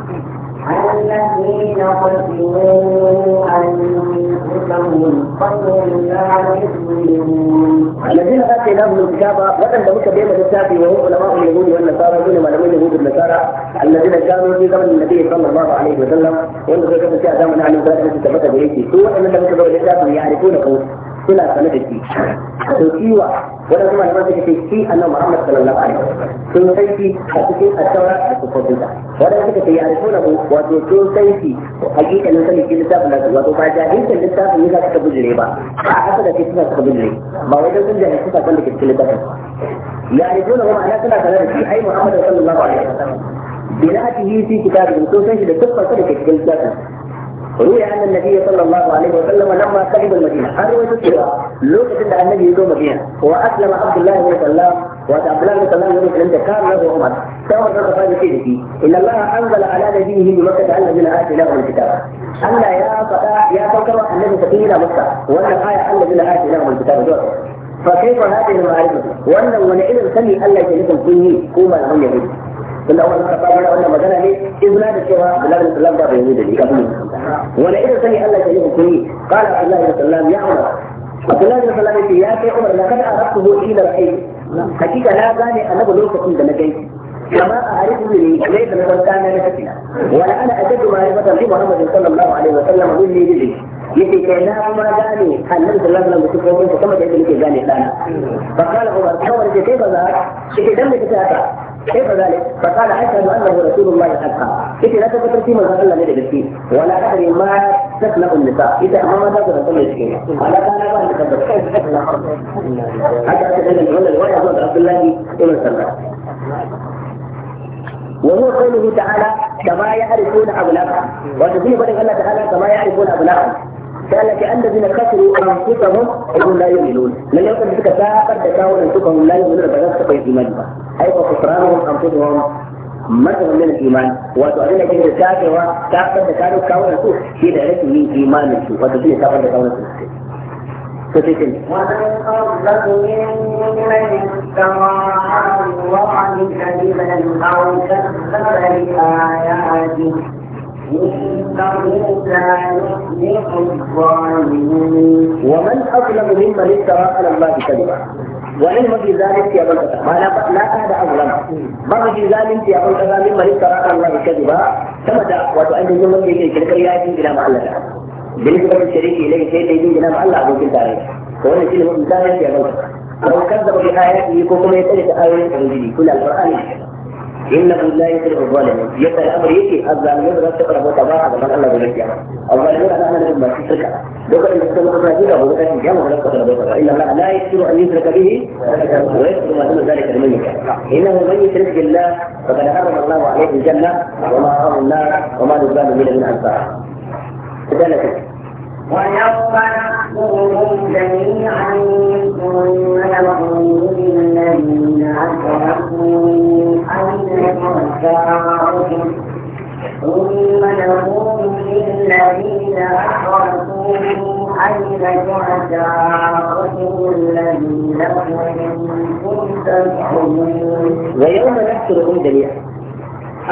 الذين قتلوا أنفسهم خير الذين آتيناهم الكتاب وأن لم يكن الكتاب وهم علماء اليهود والنصارى دون ما لم يهود النصارى الذين كانوا في زمن النبي صلى الله عليه وسلم وانه في زمن الشيخ زمن أهل الكتاب به هو أن لم يكن الكتاب يعرفونه suna sane da shi sun kiwa wanda kuma da masu kace shi annabi Muhammad sallallahu alaihi sun sai shi a cikin asawara a cikin da wanda suka ce ya alfuna ko wato sun sai shi sanin shi littafin nasu wato ba jahilcin littafin ne za suka bujire ba a haka da suna suka bujire ba wai sun jahilci ba kan da cikin littafin ya alfuna kuma ma'ana suna sane da shi ai Muhammad sallallahu alaihi wasallam bi na'atihi fi kitabin sun sai shi da dukkan su da cikin روي عن النبي صلى الله عليه وسلم لما قدم المدينة هذه أروي سوى لوكة أن النبي يقوم مدينة وأسلم عبد الله بن سلام وعبد الله بن سلام يقول أنت كان له عمر سوى الرقم في إن الله أنزل على نبيه بمكة أن الذين آتيناهم الكتاب أن يا فتاة يا فكر الذي تقيل مكة وأن الآية أن الذين آتيناهم الكتاب دور فكيف هذه المعرفة وأن ونعلم سمي ألا يجلسهم فيه كوما لم يجلسهم tun da wannan kafa mana wannan magana ne izina da cewa Allah da sallam da bai yi da dika wani irin sani Allah ya yi hukumi qala Allah da sallam ya umar Abdullah da sallam ya ce ya kai umar la kada arabtuhu ila ra'ayi hakika na gane annabi lokacin da na gaishe كما أعرفني ليس لقد كان نفسنا ولا أنا أشد معرفة بمحمد صلى الله عليه وسلم مني لي يتي كأنها ما داني أن نمت الله لم تكون كما تجد لك داني فقال عمر حول كيف ذاك؟ يتي دمك تاتا كيف ذلك؟ فقال اشهد انه رسول الله حقا. انت لا تفكر فيما قال الله لدى فيه ولا ادري ما تخلق النساء، انت ما تقدر تقول شيء. ولا كان الله يقدر كيف تخلق حتى تجد ان الروايه عبد الله بن سلمان. وهو قوله تعالى كما يعرفون ابنائهم، وتفيه قوله الله تعالى كما يعرفون ابنائهم، قال لك الذين خسروا انفسهم هم لا يؤمنون لن يكن بك ساقر تكاون انفسهم لا يؤمنون فلا في الايمان اي خسرانهم انفسهم مثلا من الايمان وتؤمن كده الكافر وتعقد تكاون انفسهم في دائره من ايمان وتبين تكاون تكاون انفسهم ومن أظلم ممن افترى على الله كذبا أو كذب بآياته ومن اظلم ممن افترى على الله كذبا وعلم في ذلك يا بلدة ما لا لا أحد أظلم ما في ذلك يا بلدة ممن افترى على الله كذبا كما وتؤدي من في تلك الآية إلى معلقة بالنسبة للشريك إليه شيء يجي إلى معلقة أبو كنت عليه وهو يشيل من ذلك يا بلدة لو كذب بآياته ما يتلف آيات كل القرآن إنه لا يطيع الظالم يبقى الأمر يجي ان الظالمين لا تقرب وتضاعى من الله بلا قيامة الظالمين أنا أنا لما في شركة دوكا إن تكون مراجعة هو لا تنجم ولا تقرب وتضاعى إلا ما لا يستطيع أن يشرك به ويكفر ما دون ذلك الميت إنه من يشرك بالله فقد حرم الله عليه الجنة وما حرم النار وما للظالمين من أنصار. ذلك ويصفحهم جميعا ثم يقول للذين أشركوا أين مرجعهم ثم نقول للذين أشركوا أين مرجعهم الذين كنتم تزعمون ويوم نحشرهم جميعا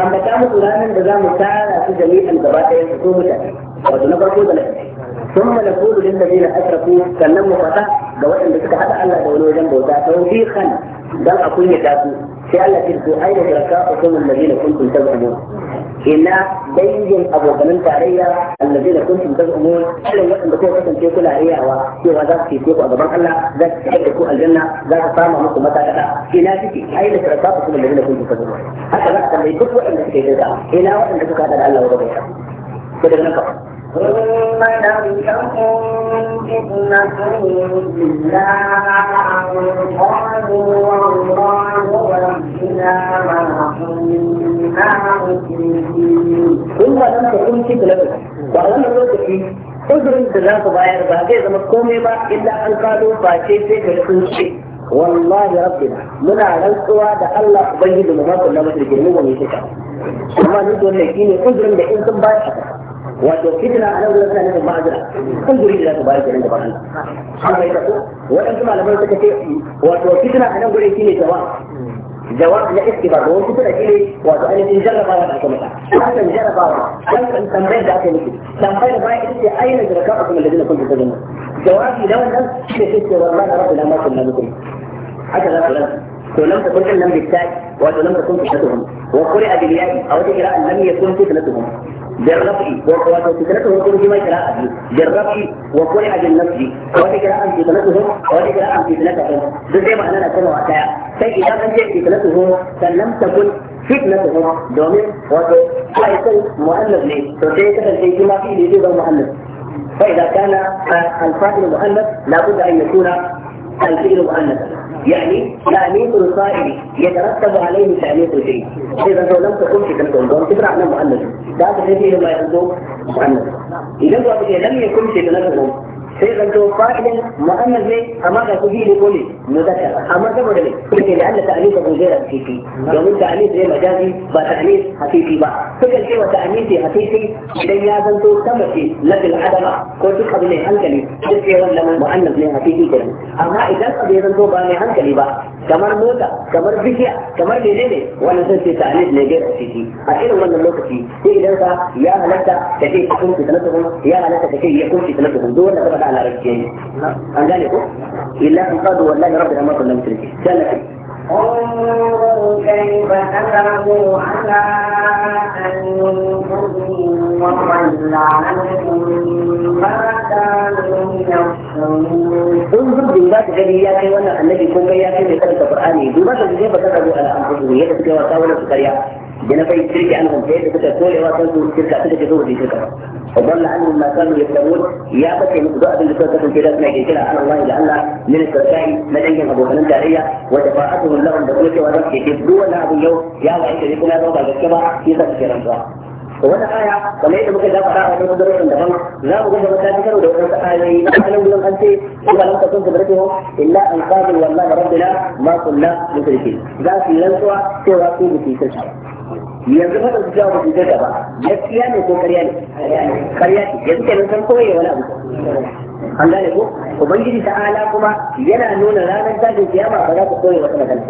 أما كانوا فلانا da za mu tara su jami'an gaba ɗaya su so mutane wato ثم نقول للذين اشركوا كان لم يفتح بوائل بسكة حتى ألا دولوا جنبه دا توبيخا بل أقول يتاكو في ألا تركوا أين شركاؤكم الذين كنتم تزعمون هنا بين أبو بنان علي الذين كنتم تزعمون ألا يكن بكو حسن في كل أهياء وفي غزات في كيكو أبو بنان الله ذات تحبكو الجنة ذات طامة مكو متى لها إلا تكي أين شركاؤكم الذين كنتم تزعمون حتى لا تنبي كتو أين تكي تزعم إلا وإن تكادر ألا وربيها كده نفق ثم لم تكن فتنتهم إلا أن قالوا والله ربنا ما كنا مسلمين ثم لم تكن فتنتهم وأنا أقول uzurin da za ku bayar ba zai zama komai ba illa an kado face sai ka sun ce wallahi rabbina muna rantsuwa da Allah ubangiji mu ba kullu mutum girmi wa mai kika amma duk ne shine uzurin da in sun bayar وتوكيدنا على ولا سنة ما أجرى كل دليل لا تبارك عند الله سبحانه وتعالى ولا كما لم يتكفي وتوكيدنا على ولا سنة جواب جواب لا استفاد وتوكيدنا على وأن تنجر بارا كما قال أن تنجر بارا أن تنجر ذات نفسي تنجر بارا إنت أين جركاتكم الذين كنتم تدمون جواب لا ولا سنة والله رب لا ما كنا بكم حتى لا ولا ولم تكن لم بالتاج ولم تكن فتنتهم وقرئ بالياء او ذكر ان لم يكن فتنتهم بالرفع وتتركه يكون فيما قراءته بالرفع وكل اجل نفسي وهذه قراءة في ثلاثهم وهذه قراءة في ثلاثهم بزي ما انا كما وقتها فإذا كان في ثلاثهم فلم تكن فتنتهم دومين وتو فيكون مؤلف ليه فسيكون الشيء ما فيه ليه مؤلف فإذا كان الفاعل مؤلف لابد أن يكون الفعل مؤنث يعني تعليق القائل يترتب عليه تعليق الفعل اذا لو لم تكن في تلك تنقل تفرع على مؤنث ذات الذي ما يقول مؤنث اذا لم يكن في تنقل sai zanto fa'ilin mu'annas ne amma ga kuhi ne kole muzakkar amma saboda ne suke da Allah ta'anis da gojera hakiki domin ta'anis ne majazi ba ta'anis hakiki ba sukan ce wa ta'anis ne hakiki idan ya zanto sama ce lafil adama ko duk abu ne hankali duk ce wannan mu'annas ne hakiki ke amma idan abu ya zanto ba ne hankali ba kamar mota kamar bishiya kamar menene wannan sun ce ta'anis ne gaira hakiki a irin wannan lokaci sai idan ka ya halatta da ke kunki sanatuhum ya halatta da ke ya kunki sanatuhum duk wanda ka على رجاله عن ذلك إلا أن قالوا والله ربنا ما كنا مشركين كان انظروا كيف كذبوا على أنفسهم وضل عنهم ما كانوا انظر بالذات غني يا كي الذي كنت يا كي بسبب القرآن يدوبك الجيب كذبوا على أنفسهم يدفك وساولوا في بنفي الشرك عنهم فإذا كنت تقول إذا كنتم الشرك أعتقد جذور في شركة وضل عنهم ما كانوا يفترون يا بس مقدار اللي كنتم في ذاتنا كلا على الله لعل من الشركاء لديهم أبو هنم دارية وشفاعتهم لهم بقولك ونفسك يبدو أن هذا اليوم يا وعيد لكم يا رب الجسمة يزكي رمضان وانا aya kamar yadda muka ga fara wani bangarorin daban za mu ga mata ta karo da wasu ayoyi na halin gurin an ce ko ba lamta sun tabbata ko illa an qabil wallahi rabbina ma kunna mushrikin za yanzu fa su jawo su gaba. ba gaskiya ne ko karya ne karya ne yanzu kenan san ya wani abu an gane ko ubangiji ta'ala kuma yana nuna ranar tashin kiyama ba za ku koye wata magana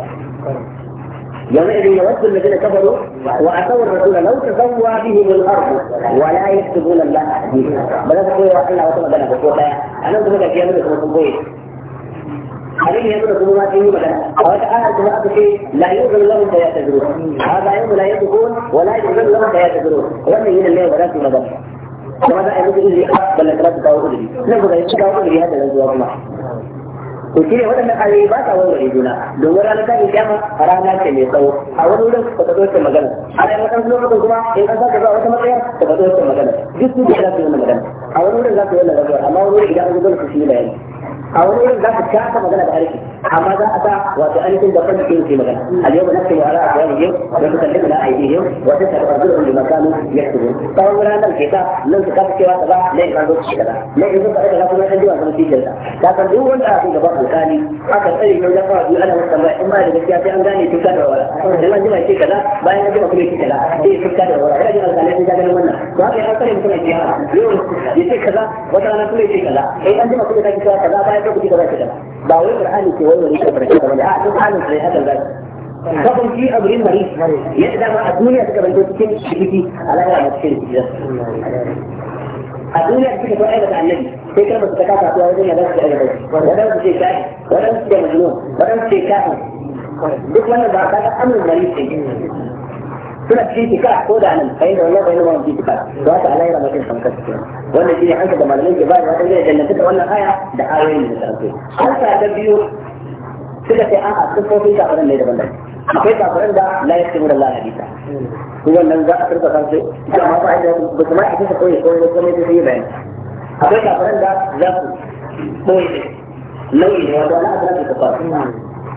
يومئذ يود الذين كفروا واتوا الرسول لو تسوى بهم الارض ولا يكتبون الله حديثا بل تقول الله وتعالى da kuma sun يوم حديث يقول لكم ما فيه ملا او تعالى كما اقول لا يؤذن لهم فيعتذرون هذا يوم لا يدخلون ولا يؤذن لهم فيعتذرون ولم يهن الله ولا في مدى فماذا يقول لي اقبل اعتراضك او اذني نبغى يشكى اذني هذا الانزوار الله to shi ne waɗannan ayoyi ba sa warware juna domin ranar ta kiyama rana ce mai tsawo a wani wurin ka faɗo wacce magana a ɗaya matan lokacin kuma in an saka zuwa wata matsaya ka faɗo wacce magana duk su ne za su yi magana a wani wurin za su yi wannan amma wani wurin idan an zo su shi bayani a wani yin za ka kasa magana da harshe amma za a sa wato ainihin da kwanci yau ke magana al-yawma ala afwahihim wa tukallimuna a wa tashhadu arjuluhum yi tsawon ke sa nan su cewa kaza kuma jiwa duk wanda aka aka yau da kawai ana masa tambaya in ba da gaskiya sai an gane wala ce kaza bayan an kuma ce kaza sai tuka da wala ya ji alƙali sai ga wannan to haka an tsare mutum ya ce wata rana kuma ya ce kaza an ta ce ya kai kuɗi da baki kaza ba wai qur'ani ke wai wani ke barke kaza ne a duk halin sai haka zai kafin shi a gurin mari yadda dama a duniya suka banto cikin shiriki a lahira na cikin shiriki a duniya suka ko aikata annabi sai kalma su ta kasa su wajen ya dace aikata wadan su ce kafi wadan su ce majnun wadan su ce kafi duk wannan ba ta amurin mari ce suna cikin shekara ko da nan a yadda wannan bayanin wani cikin shekara za ta alayyar mutum wanda shi ne an da malamai ke bayar wata zai danganta da wannan aya da ayoyin da sarfe an sa ta biyu suka ce a'a sufofin kafiran ne daban daban akwai kafiran da la yasimu da Allah hadisa su wannan za a turka su da ma ba da ba kuma ita ta koyi koyi ko mai yi bayani akwai kafiran da za su koyi nauyi ne wanda Allah ya tabbata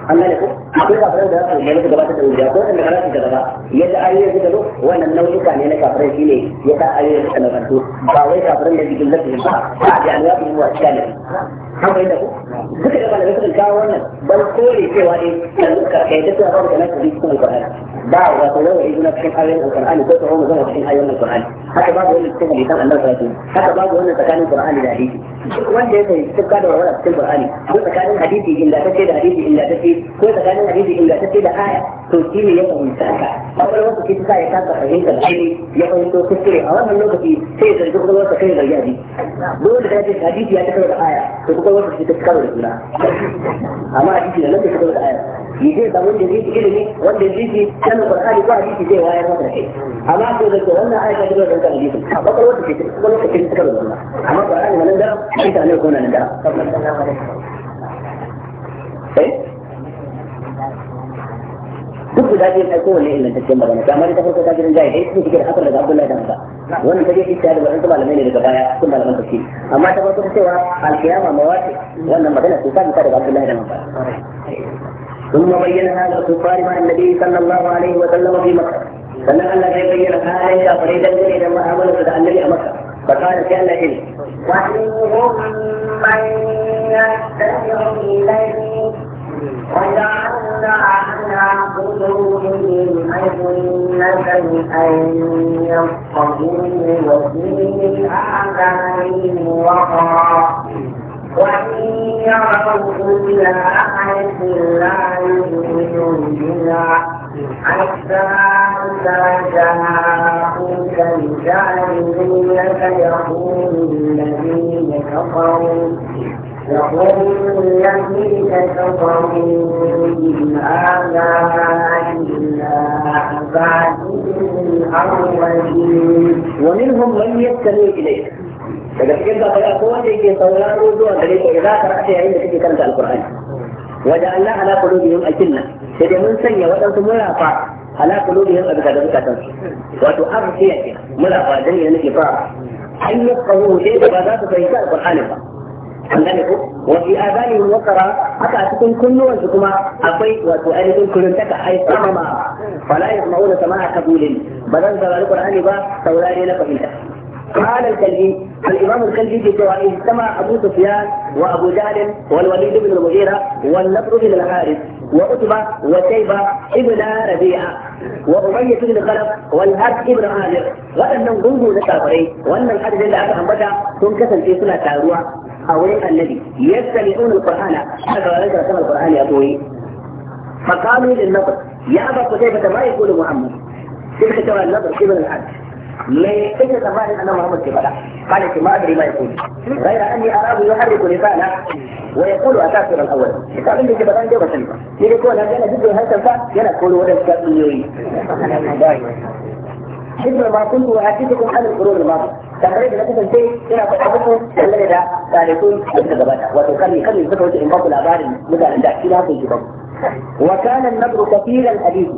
Allah ne ko akwai kafirai da su mai gabatar da wuya ko da kana da gaba yadda ayoyi suka zo wannan nau'uka ne na kafirai shine ya ta ayoyi suka nabanto ba wai kafirin da jikin lafiya ba a da alwabi wa shalih haka yadda ku duka da malamai suka kawo wannan ban kore cewa dai yanzu ka kai da suna babu kamar su cikin alƙur'ani ba wa to lawa izuna cikin ayoyin alƙur'ani ko tsawon magana cikin ayoyin alƙur'ani haka babu wannan cikin hadisan Allah sallallahu alaihi haka babu wannan tsakanin Qur'ani da hadisi duk wanda ya fahimci cikin da wala cikin Qur'ani ko tsakanin hadisi illa da hadisi illa ko tsakanin hadisi illa da aya to shi ne ya fahimci haka akwai wasu ya kasa shi ya a wannan lokaci sai ya zargi kuma wata kai zargi dole da hadisi ya tafi da aya to kwakwalwar su ta karo juna amma a cikin nan da karo da aya shi zai samu da zai ilimi wanda zai ji kan qur'ani ko hadisi zai wayar amma ko da ke wannan aya ta da kan hadisi a kwakwalwar su ta kwakwalwar ta karo juna amma wannan da shi ta ne ko nan da eh duk guda biyu ai kowanne ingantaccen magana amma ta farko ta gidan jayi dai suke da asar daga Abdullahi da Hamza wannan ta je ita da wannan lamai ne daga baya sun malaman tafsiri amma ta farko ta cewa alkiyama mawati wannan magana ce ta daga Abdullahi da Hamza ثم بين هذا الكفار مع النبي صلى الله عليه وسلم في مكه sannan Allah zai bayyana halin kafirai dangane da mu'amalarsu da annabi a maka فقال في الله إلي ومنهم من يتبع إليك وجعلنا على قلوبهم أجنة أن يفقهوه وفي آذانهم وقرا وإن يروا كل آية لا يؤمنون بها حتى إذا جاءوك يجادلونك يقول الذين كفروا ومنهم من يستمي اليك فذكرت في اخوتي في صورات روزو وذلك اذا قرات عين في كلمه القران وجعلنا على قلوبهم اجنه سيدي من سن يودن ثم على قلوبهم ابي كذا بكذا وتؤخر فيها ملاقى دنيا نكفاء ان يفقهوا شيء فلا تفهم القران ko wani azani mun wakara haka a cikin kunnuwan su kuma akwai wato ainihin kullun taka ai sama ma fala yasma'u da قال الكلبي الامام الكلبي في توائم سمع ابو سفيان وابو جهل والوليد بن المغيره والنصر بن الحارث وعتبه وشيبه ابن ربيعه وأمية بن خلف والهرس بن عامر وأنهم لك نكافرين وأن الحدث الذي أتى أنبتا كن كسل في سنة تاروة هؤلاء الذي يستمعون القرآن هذا ليس كما القرآن يا أبوي فقالوا للنظر يا أبا قتيبة ما يقول محمد تلك ترى النضر قبل الحج ليس تفاهم أن محمد كبلا قال ما أدري ما يقول غير أني أراه يحرك لسانه ويقول أساسر الأول كتاب اللي جبلان جوا سنة يقول هذا جد هل تنفع يقول ولد كبير حينما كنت احدثكم عن القرون الماضيه تقريبا na الشيء الى صحابكم الذي لا da ɗalibin وتخلي خلي gabata wato kan kan suka عند in ba وكان النظر كثيرا الحديث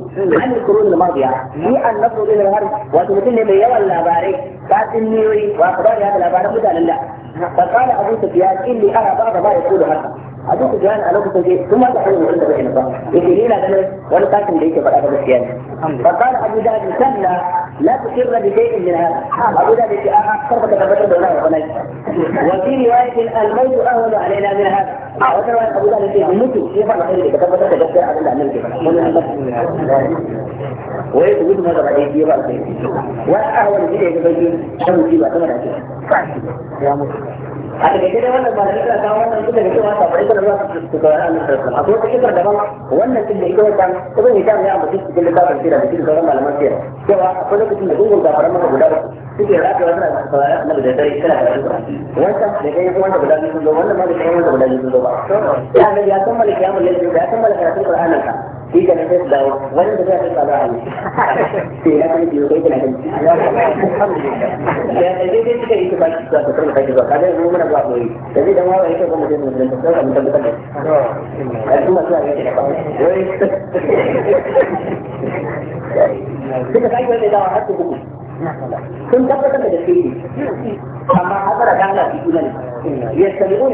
عن القرون الماضية جيء النظر إلى الغرب وتمثل من يوى الأباري فات النيوي وأخبار هذا الأباري مثلا لا فقال أبو سفيان إني أرى بعض ما يقول هذا abin da a lokacin je sun mata hanyar mutum da bai nufa yake ni na ganin wani katin da yake faɗa ga gaskiya ne fakala abu da abu sanna la tusirra bi shay'in min hada abu da yake a karfa ka tabbatar da wannan wannan wa fi riwayatin al-mautu ahwanu alaina min hada a wata riwaya abu da yake mutu ya faɗa hanyar da tabbatar da gaskiya abin da annabi ke faɗa wannan wai ku gudu maza ba dai biyu ba sai wani ahwanu da yake bai yi ta musiba sama da ake ya mutu a da kai wannan ba da ita ta wannan kuma da cewa ta bari da za su su ga ran da su akwai wata kifar daban wannan din da ita wannan kuma ne ta ya mutu cikin littafin sirri da cikin sauran malaman sirri cewa akwai lokacin da gungun gafaran maka guda uku suke rafe wannan da su ya annabi da dare kana da wancan da kai kuma wanda guda biyu zo wannan ma da kai wanda guda biyu zo ba ya annabi ya kammala kiyamul layl ya kammala karatun qur'anin ka shi ke nan sai dawo wani da zai fi tsada a ne sai ya kan biyo kai kana kan sai ka baki zuwa ka kai zuwa ka dai mu muna zuwa koyi da zai dan wawa yake goma sai mu da sai mu tabbata ne a kuma zuwa ne ba wai suka kai wani da har su buku sun tabbatar da gaske amma hadara da Allah su tunani yastabi'un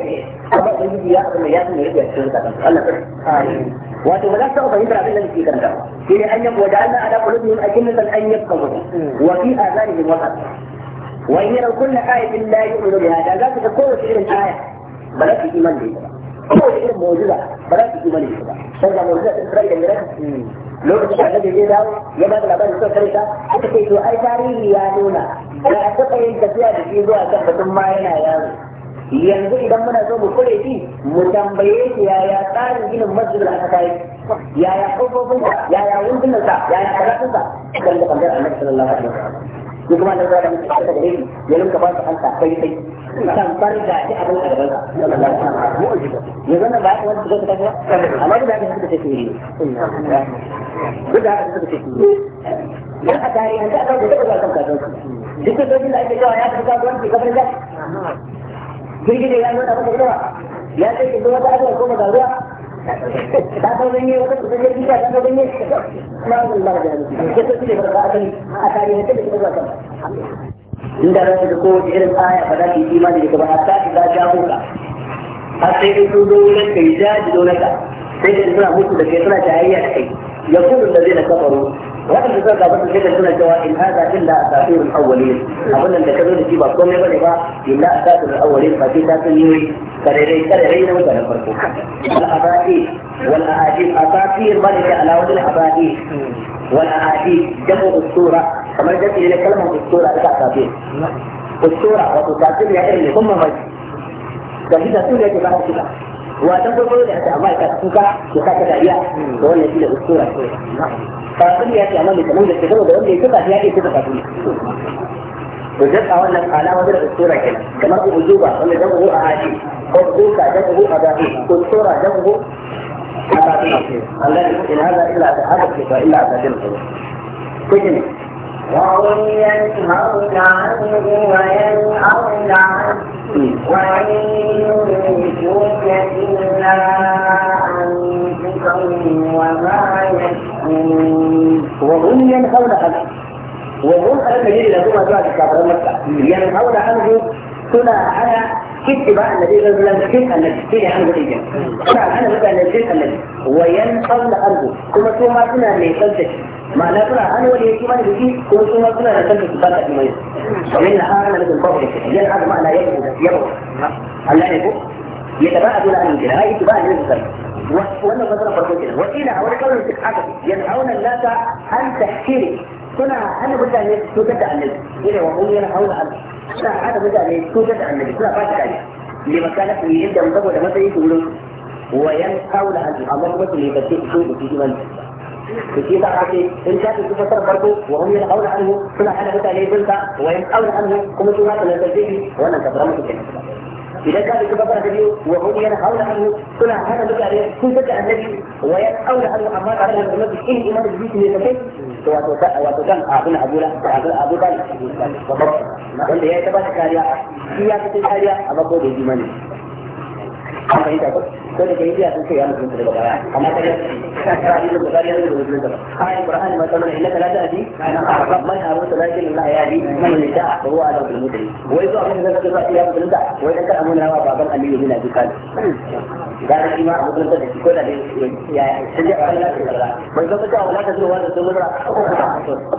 amma in ya abin da ya tunani ya tunani Allah amin wato ba za su taɓa fahimtar abin da suke karanta shi ne an yabo da Allah ala qulubihim akinnatan an yafqahu wa fi azanihim waqa وإن يروا كل آية لا يؤمنوا بها لا ذاك تقول في علم آية بلاك الإيمان بها هو العلم موجودة بلاك الإيمان بها ترجع موجودة ba za su yi لوكacin da zai dawo ya ba da labarin sai kai aka ce to ai tarihi ya nuna da a taɓa tafiya da shi zuwa kan batun ma yana yaro yanzu idan muna so mu kure shi mu tambaye shi yaya tsarin ginin masjid aka kai yaya kofofin yaya wundunan sa yaya karatun sa da annabi sallallahu alaihi wasallam shi kuma da zuwa mutum da dalili ya rinka ba su hanta kai kai kan bar da shi abin a gaban ya zanna ba ya wani shiga ta amma da aka suka take yi duk da aka suka take yi dan a tare yanzu aka da zuwa kan kasan su duk da dole ake yawa ya kaga wani shiga ban da jirgin ya nuna maka yawa ya ce ki zo wata ajiyar ko mazaruwa لا تظني وقت تجري لا تظني ما هو البرجة كيف تجري برقاء أتاري هتبت بالوقت عند رأس الكوت علم آية فذاك الإيمان لك حتى إذا جاءوك حتى يسودوا لك يجادلونك سيدنا موسى لك يطلع جاهية يقول الذين كفروا وهذا اللي زاد بعض الجدل هنا جوا هذا الا اساطير الاولين اظن ان كذا اللي يجيب اصلا يبقى يبقى الا اساطير الاولين ما ففي تاسيوي كريري كريري لو كان فرقوا الاباطيل والاحاديث اساطير ملك على وجه الاباطيل والاحاديث جمع الصوره فما جت الى كلمه الصوره لك اساطير الصوره وتكاتب يا اللي هم مجد ده هي تاسيوي يا جماعه كده wasan kwaikwayo da aka amma ka kuka ya saka dariya da wannan shi da usura kafin ya ce amma mai kamar da ke saboda wanda ya kuka ya ke kuka kafin وجدت أولا علامة الأسطورة كده كما أجوبة ولا جنبه أعاشي أبدوك جنبه أباهي أسطورة جنبه أباهي الذي إن هذا إلا تحرك وإلا أباهي كجنة وهم ينهون عنه وينأون عنه ومن يشرك إلا أنفسهم وما يشكرون وهم ينهون عنه وهم الذين يدعون بعد كفر مكة ينهون عنه سنة على اتباع النبي صلى الله عليه وسلم الذي فيه عنه الإجابة. أنا أنا مثلا الشرك الذي وينقل عنه كما ثم سنة من قلتك معناها كنا أنا ولي يجيبني بيجي كل ما كنا نتكلم في بلد الميت ومن حاجة لازم قبل هي الحاجة ما لا يبغى يبغى الله يبغى يتباعد ولا أن يجري هاي تباعد لازم تسلم وأنا بضرب برضو كده وسيلة حوالي كلام استحقاق يدعون الناس أن تحكيري كنا أنا بدي أن يسكت عن النبي إلى وقولي أنا حاول أن أنا أنا بدي أن يسكت عن النبي كنا فاشل عليه لمكانة يبدأ مطبوع لما تيجي يقولون وينحول عن الله بس اللي يبتدئ يسوق في في ضحكه ان كانت تفسر برضه وهم ينهون عنه كل حاجه بدا ليه بنتا وينهون عنه كما تقول انا تجيبي وانا كبرمت كده إذا كان يتبرع به وهم ينهون عنه كل هذا بدا ليه كل بدا النبي وينهون عنه عما قال له النبي ان ايمان البيت من يتكلم وتكلم أعطينا أبونا أبونا أبو طالب wanda ya yi ta ba kariya shi ya fi kariya a mako da imani an fahimta ko ko da kai biya sun ce ya mutum daga baya amma ta ga kafara ibn bukhari ya rubuta da ayi qur'ani ma kana innaka la tahdi ana arba man ta lakin allah yahdi man yasha wa huwa ala wai zuwa kan da zaka ya mutum da wai dan kana mun rawa baban aliyu bin abi talib da da shi ma da shi ko da ya sai ya Allah ya wai zaka ta wala ta zuwa da zuwa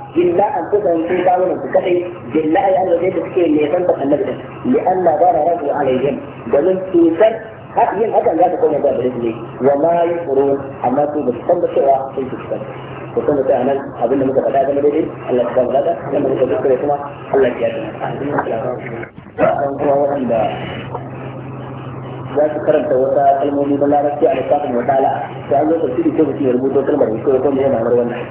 إلا أن تكون في دعوة تتحي جلاء أنه جيد تكي اللي يتنبق النبي لأن دار رجل عليهم جلن تيسر هكذا هكذا لا تكون يبقى بإذنه وما يفرون أما تكون بسطنب الشراء في تكسر بسطنب الشراء أنا أبنى مدى فتاة من بيدي ألا تكون هذا لما نتبقى بسطنب الشراء ألا تكون هذا ذات كرم توتا المؤمن بلا رسي على الساق المتالا فأنا تبتدي كيف تيربوط وكلمة ويكون لهم عمر ونحن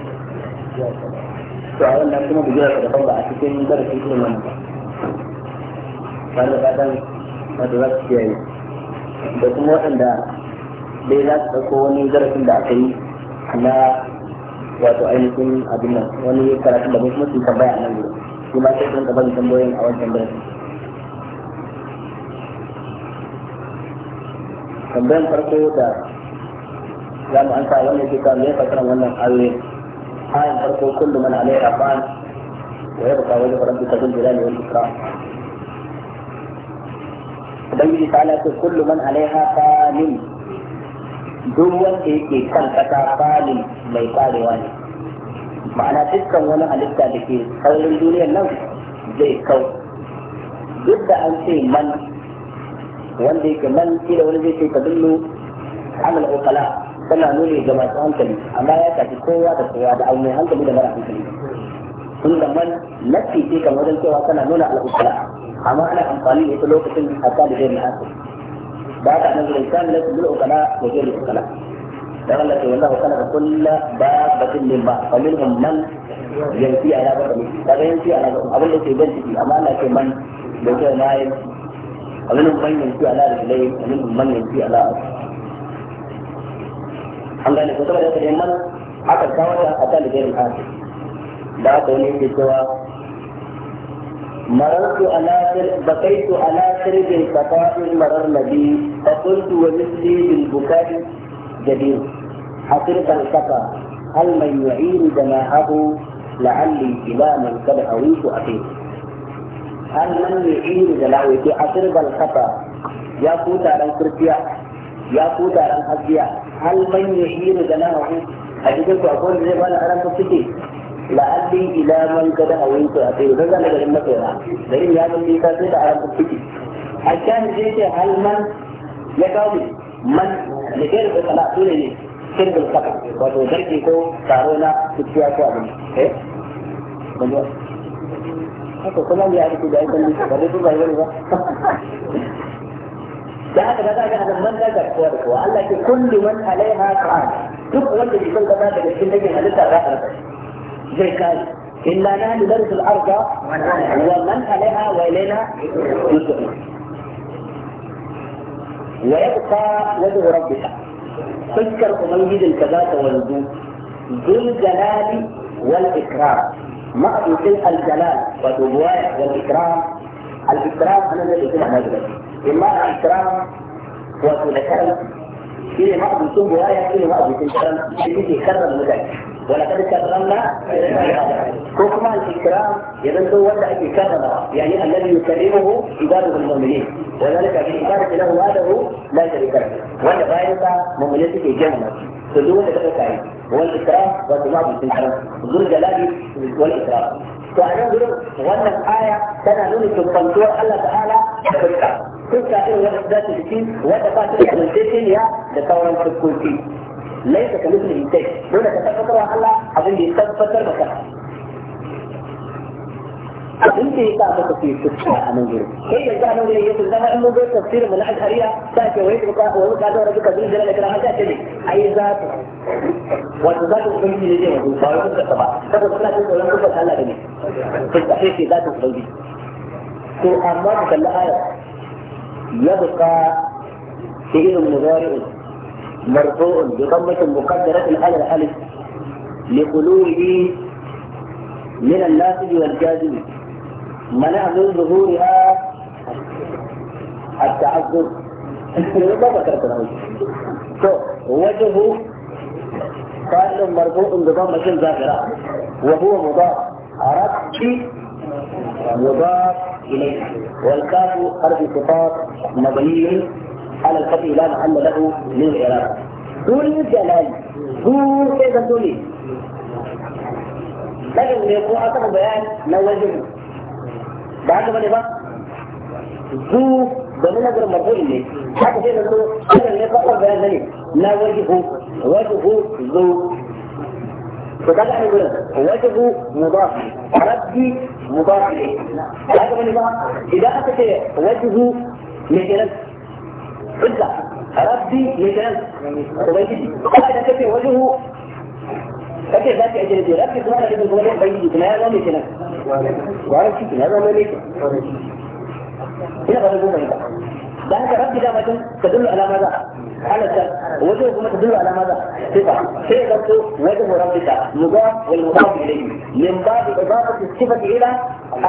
to a wannan kuma bujerar da daban ba a cikin darasin ilimin ba wanda fatan wanda za su kiyaye da kuma waɗanda dai za su ɗauko wani darasin da aka yi na wato ainihin abin nan wani karatun da mun kuma sun tambaya a nan gudu shi ma sai sun gaba tambayoyin a wancan darasin tambayan farko da za mu an sa wannan shi ya zai fasaran wannan aure. آية فرق كل من عليها فان ويبقى وجه ربك ذو الجلال والإكرام ubangiji ta ala ce kullu man alaiha falin duk wanda yake kan kasa falin mai karewa ne ma'ana dukkan wani halitta da ke saurin duniyar nan zai kau duk da an ce man wanda yake man shi wani zai ce ka dullu amal ukala tana nuni ga masu hankali amma ya tafi kowa da kowa da abu hankali da mara hankali tun da man nafi ce kamar wajen cewa tana nuna al'ukula amma ana amfani da ita lokacin a da zai na'asir da ka nan zai kan lafi bil ukala da zai ukala da Allah ce wallahu kana da kullu babatin min ba faminhum man yanfi ala batni daga yanki ala ba abin da ke ban ciki amma Allah ce man da ke na yanfi abin man yanfi ala da lai abin man yanfi ala an gane kusa da kudin nan aka kawo ta a kan jirin hasi da aka yi ke cewa mararsu a lasir ba kai su a lasir bin tafafin marar nabi ba kun su wa misli bin bukari jadir hasir balsaka hal mai wa'iru da na hagu la'alli ila mai kada a wuku a kai hal nan mai iru da lawai ke hasir balsaka ya ku taron ya ku taron hal man yuhiru da na nahu a cikin ku akwai wanda zai bani aran fuske la'alli ila man kada hawaitu a tsaye zan zana garin matsaya garin ya zan ka sai da aran fuske a can je ce hal man ya kawo man da ke da sala dole ne da saka wato zarki ko taro na kuciya ko abin eh haka kuma ya rubuta da aikin da ba dai yi ba هذا بدأ هذا المنهج أكبر وقال لك كل من عليها قرآن كل وقت يكون قد هذا الشيء الذي حدث غير زي قال إلا نحن ندرس الأرض ومن عليها وإلينا يرجعون ويبقى وجه ربك فكر أميز الكذاب والوجود ذو الجلال والإكرام ما أقول الجلال والإكرام الإكرام أنا لا أقول المرأة إكرامة وتتكلم كل مرض يكون بواية كل مرض يكون كرم يجي يكرم مدعي ولقد كرمنا حكم الإكرام يدل وضع الكرم يعني الذي يكرمه عباده المؤمنين وذلك بالإشارة له وحده لا شريك له وأن ذلك مملكة في جنة سدود والإسراف والتمام في الحرم ذو الجلال والإسراف فأنظر وأن الآية كان نوني تنطلتوا الله تعالى تفكا تفكا إلى الإحداث الدين وتفاصيل الدين يا لتورا في الكل ليس كمثل الدين هنا تفكر الله أظن يتفكر مكانه انت يقع تفسير تفسير من غيره هي يقع من غيره يقول لها انه تفسير من احد اريا تاتي ويتبقى ويقع دور بك ذي جلال اكرامه تاتي اي ذات وذات الفنجي لديه وذات الفنجي طبعا تقول لا تقول لن تفسر هلا بني في ذات الفنجي تو امامك الايه يبقى فعل مضارع مرفوع بضمة مقدرة على الألف لخلوه من اللافذ والجاذب منع من ظهورها التعذب ما ذكرت له وجهه قال مرفوع بضمة مثل ذاكرة وهو مضاف عربي مضاف إليه والكاف حرف صفات مبني على الفتح لا محل له من للإرادة ذو الجلال ذو كيف تقولي لكن يقول أعطاه بيان لو وجهه ba haka bane ba zu da nuna gurin marfu'in ne haka sai da zo kiran ne kwakwar bayan zane na wajibu wajibu zo to kaga ne gurin wajibu mudaf rabbi mudaf ba haka bane ba idan aka ce wajibu ne kenan illa rabbi ne kenan ubangiji kuma idan ka kace wajibu kace zaki ajiyar rabbi kuma da kuma ubangiji kuma ya zama kenan وعلى الشكل هذا مليك هنا غلبونا هنا لأنك رد جامعة تدل على ماذا؟ على الشر ما تدل على ماذا؟ صفة صفة وجه ربك مضاف والمضاف إليه من باب إضافة الصفة إلى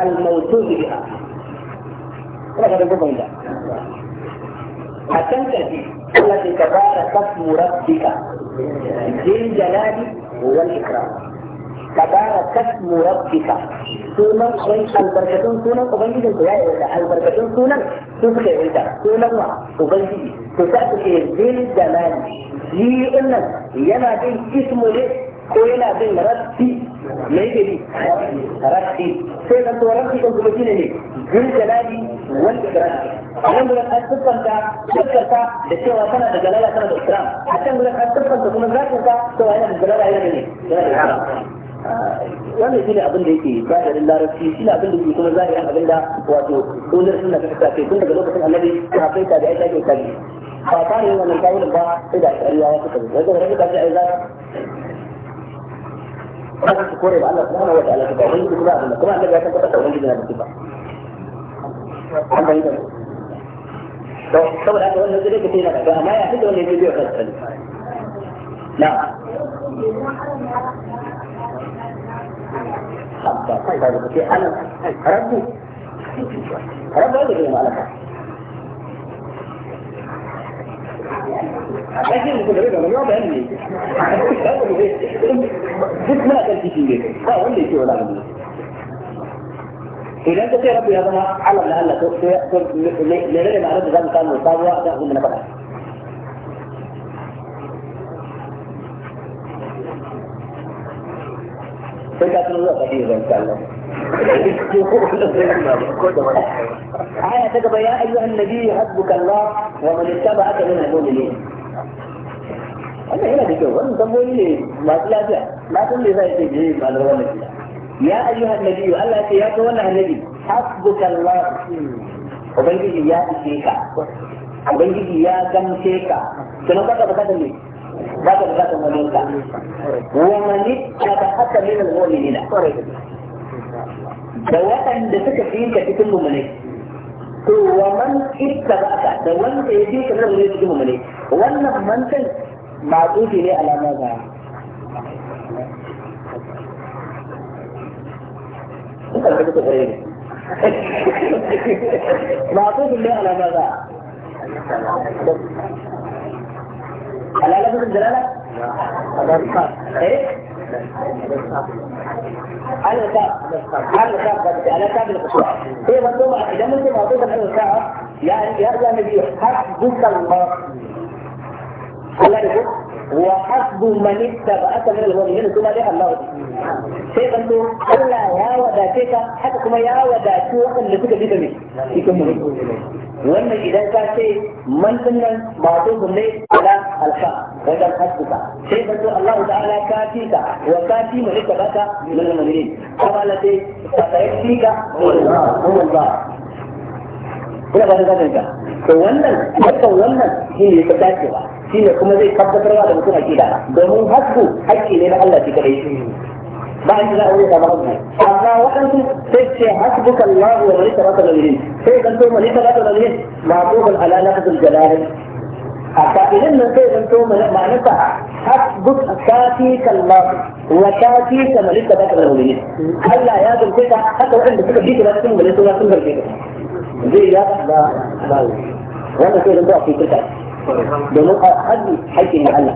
الموصول بها هنا غلبونا هنا حتى كده التي تبارك اسم ربك ذي الجلال والاكرام تبارك اسم ربك سونا وين البركتون سونا وبنجي يا إلهي البركتون سونا سونا إلهي سونا وبنجي تسأل ذي الجمال ذي إن ينا بين اسمه ko yana bin rasti mai gari rasti sai ka to rasti ko kuma shine ne gil jalali wal ikram nan gurin an tuffanta tuffanta da cewa tana da jalala tana da ikram a can gurin an tuffanta kuma zakin ka yana da jalala yana ne da ikram wannan shi ne abin da yake zahirin larabci shi ne abin da yake kuma zahirin abin da wato sunan suna ta kafe tun daga lokacin annabi kafin ta da aisha ke kaji ba ta ne wannan tawulin ba sai da ariya shari'a ya fita da zai a yi aisha kuma su kore ba Allah subhanahu wa ta'ala ba wani kuma abin da kuma annabi ya tabbata da wani gina da ba an bayyana to saboda haka wannan zai kace na da amma ya fita wannan bidiyo kan na. حتى طيب أنا ربي ربي هذا اللي مالك إذا أنت يا ربي هذا علم لعلك لأن المعرفة ذلك كان مصاب وتأخذ من نفسك sai ka tuno zuwa zan kallon aya ta gaba ya ayyuhan nabi hasbuka Allah wa man ittaba'aka min al-mu'minin wannan yana da kyau wannan tambayoyi ne masu lafiya na san me zai ce je malar wannan ya ayyuhan nabi Allah ya ce wannan annabi hasbuka Allah ubangiji ya ishe ka ubangiji ya gamshe ka sannan ka ka ne هذا الباب المميت ومن اتبع حتى من المؤمنين da waɗanda suka fi ka cikin mummune to wa man ittaba'aka da wanda ya fi ka nan ne cikin mummune wannan mantan ma'tufi ne alama ga ma'tufi ne alama ga إيه؟ هل على لفظ الدلالة؟ ايه؟ الكاف الكاف الكاف الكاف هي مطلوبة إذا ممكن مطلوبة الكاف يعني يرجع النبي حسبك الله الله يقول وحسب من اتبعك من المؤمنين ثم ليه الله sai zanto Allah ya wadace ka haka kuma ya wadace اللي كنت bi da ne wannan idan ka ce man dinnan ma'tufun ne ala alfa wajen hasbuka sai ka zo Allah ta'ala ka fi ka wa ka fi mu ka, baka min al-mujrim kuma la sai ka sai ka kuma ba ina ba da ka to wannan wannan wannan shi ne ka dace ba shi ne kuma zai tabbatarwa da mutum aqida domin hasku hakki ne na Allah shi kadai بعد لا أولي غضبنا أما وقت سيكي حسبك الله وليس رسل الهين كيف أنتم وليس رسل الهين معطوف على لفظ الجلالة فإذن كيف أنتم معناتها حسبك كافيك الله وكافيك وليس رسل الهين هل لا ذو الكيكة حتى وإن بسكة بيك لا تكون وليس رسل الهين زي يا لا لا وانا سيكي أنتم في كتاب domin haddi haƙƙin Allah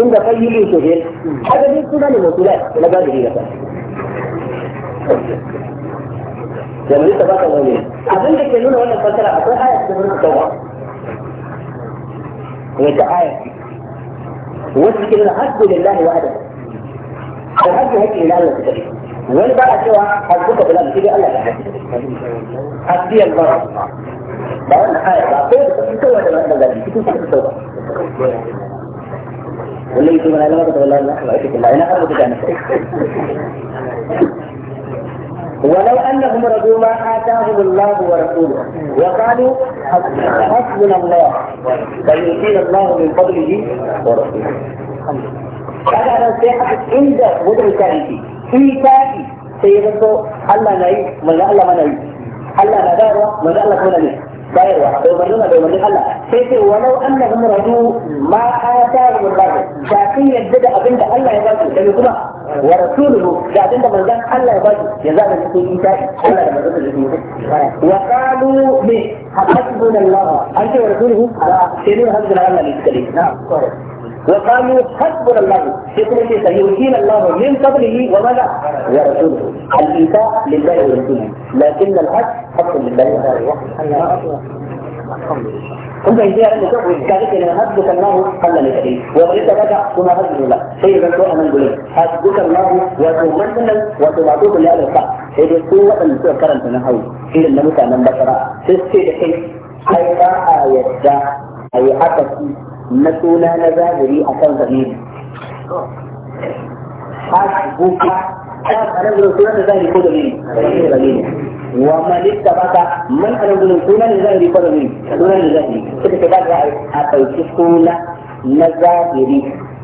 عند قيم سجن هذا من ولا الموصولات لبادر مثلا لما لسه بقى الغنية عشان كده نقول وانا فاكر اقول آية سنن التوراة وانت آية وانت كده الحج لله وحده الحج هيك لله ولا تدري وانا بقى سوى حجك بالله تيجي قال لك حسبي الله بقول آية بقى كده تسوى ده الغنية تسوى يجيب انا ارغب ولو انهم رضوا ما اتاهم الله ورسوله وقالوا حسبنا الله بل يؤتينا الله من فضله ورسوله هذا انا سيحدث عند وضع كائنتي في كائن سيدته الله نعيم من الله ما نعيم الله نبارة من الله كنا نعيم bayarwa bai umarnin bai umarnin Allah sai ce walau annahum radu ma atahum Allah da sun yadda da abin da Allah ya ba su daga kuma wa rasuluhu da abin da manzon Allah ya ba su yanzu da suke yi ta Allah da manzon da suke wa qalu bi hasbuna Allah an ce wa rasuluhu sai ne hasbuna Allah ne kare na'am وقالوا حسبنا الله فكرة سيؤتينا الله من قبله وماذا؟ ورسوله الإيتاء لله ورسوله لكن الحج حق لله ثم يجي على الجو كذلك لما هدك الله قل لكريم وغيرت لك ثم هدك الله شيء بسوء من قلوب هدك الله وتمثل وتبعثوك لأهل الحق إذا سوء أن سوء كرم تنهو إلى النبوة من بشرة تسكي لكي حيث آيات أي حتى na suna na zahiri a kan zamiri hasbuka ta anan gudun suna na zahiri ko zamiri zamiri wa malik tabaka man anan gudun suna na zahiri ko zamiri suna na zahiri suka ce ba za a ɗauki suna na zahiri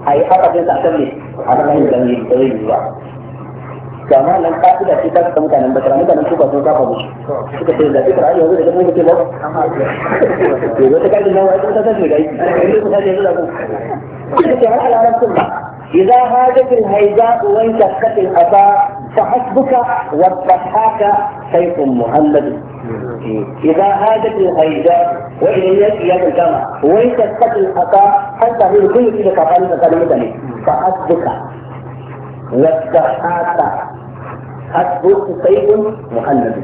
a yi haka a kan ne a kan zamiri zamiri ba da ma nan ka da shi ka mutanen basira mutanen kufa sun kafa musu suka ce da fikra yau da kuma ke ba to wata kaji nan wai ta tashi da yi ne ku tashi da ku kuma ce har alaran sunna idza hajat al hayda wa intaqat al aba fa hasbuka wa dhahaka sayf muhammad إذا هادت الهيجاء وإن يد الجمع وإن تسقط الخطأ حتى في كل كلمة قال فحسبك والضحاك حسبك سيد مهند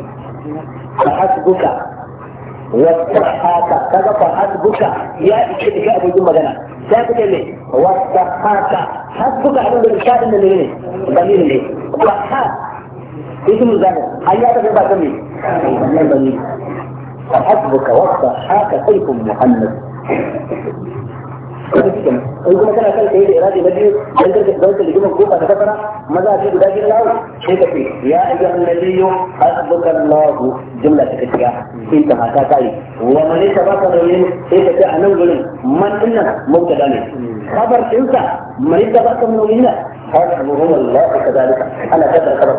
فحسبك والضحاك كذا فحسبك يا كده كده بدون مجانا سابق لي والضحاك حسبك عند الرشاد من اللي ضمير ليه ضحاك اسم الزمن هيا تبي ضمير ضمير فحسبك والضحاك سيف محمد in kuma kana kan kai da iradi na biyu dan karka dauka ligimar ko ka kafara maza ce guda biyu lawo sai ka ce ya ayyuhan nabiyyu hasbuka Allah jumla ta kaciya in ta haka kai wa man tabaka da yin sai ka ce a nan gurin man dinnan mubtada ne khabar dinsa man tabaka min yin hasbuhu Allah kadalika ana kadar khabar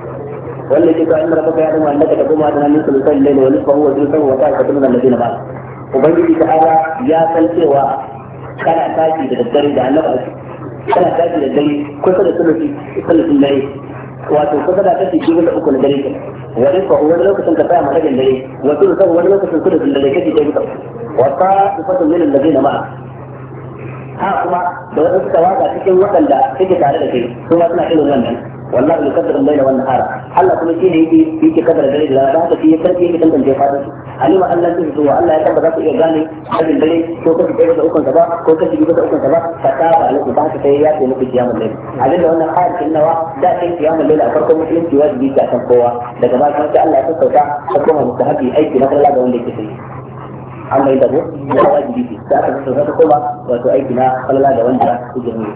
ka والذي ذكر da ربك يعلم انك تقوم ادنى من ثلثي الليل ونصفه وثلثه وطائفه من الذين معك ubangiji ta ala ya san cewa kana tashi da daddare da annaba kana tashi da dare kusa da sulusi sulusin dare wato kusa da kashi biyu da uku na dare wani ko wani lokacin ka tsaya madadin dare wato da wani lokacin sulusin dare kashi ɗaya bisa wa ta'ifatu min alladhina ma'a ha kuma da wasu tawaka cikin waɗanda suke tare da kai kuma suna irin wannan والله يقدر الليل والنهار هل كل شيء يجي فيك قدر الليل لا بعد في يفرق يجي كل من جهاد هل ما الله هو وتعالى يقدر ذلك يجاني هل الليل كوكا في بيت أوكن سبا كوكا في بيت أوكن سبا فتاب على سبحانه وتعالى في نفس الليل هل ما أن خالق النوى داخل قيام الليل أفرق مسلم في واجب بيت أحسن قوة لك ما كان الله يقدر حكومة تقوم أي في أي نظر الله دون لك سيء أما إذا هو واجب بيت أحسن قوة وتؤيدنا فلا لا دون لك سيء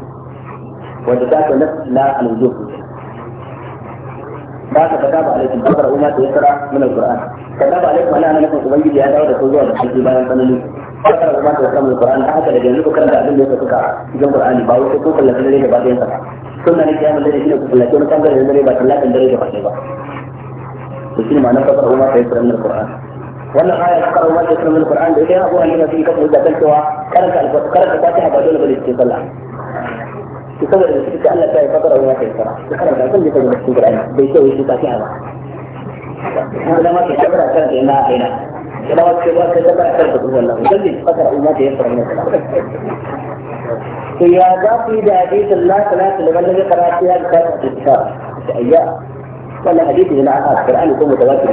وتتاكل نفس لا الوجوه ba ka kada ba alaikum kabara umma da yasara min alquran kada ba alaikum ana nan ubangiji ya dawo da ko zuwa da shi bayan sanani kada umma da yasara min alquran haka da yanzu kan karanta abin da yake suka cikin qur'ani ba wai ko kallon dare da bayan sa sunna ne kiyama dare shi ne ko kallon wani bangare dare ba kallon dare da bayan ba to shi ma'anar kabara umma da yasara min alquran wannan aya ta karo ma da yasara min alquran da ita abu ne da fi kafa da kantawa karanta alquran karanta fatiha ba dole bane cikin sallah يكبر الشركة ألا تلاقي فقرة وما تلاقي فقرة دخلنا في كل تجمع الشركة الآن بيسوي الشركة في هذا هذا ما في فقرة كانت هنا هنا إذا ما في فقرة كانت هنا فقرة هو الله جلدي فقرة وما تلاقي فقرة وما تلاقي فقرة في هذا في ذا حديث الله ثلاثة لما الذي قرأت فيها الكتاب الكتاب في أيام ولا حديث من القرآن يكون متواتر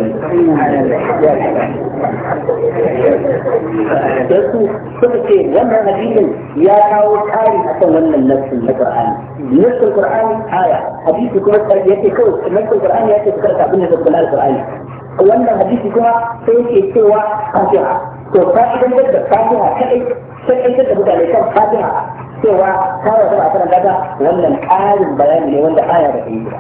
يسو كل شيء لما يا كاو تاري حتى لما نفس القرآن نفس القرآن آية حديث يكون يأتي كوت نفس القرآن يأتي بكرة تعبنا في القرآن wannan hadisi kuma sai yake cewa fatiha to fa'idan da fatiha kai sai kai da سوى صلى الله عليه وسلم هذا ولا الحال البياني اللي هو اللي حاجه بعيده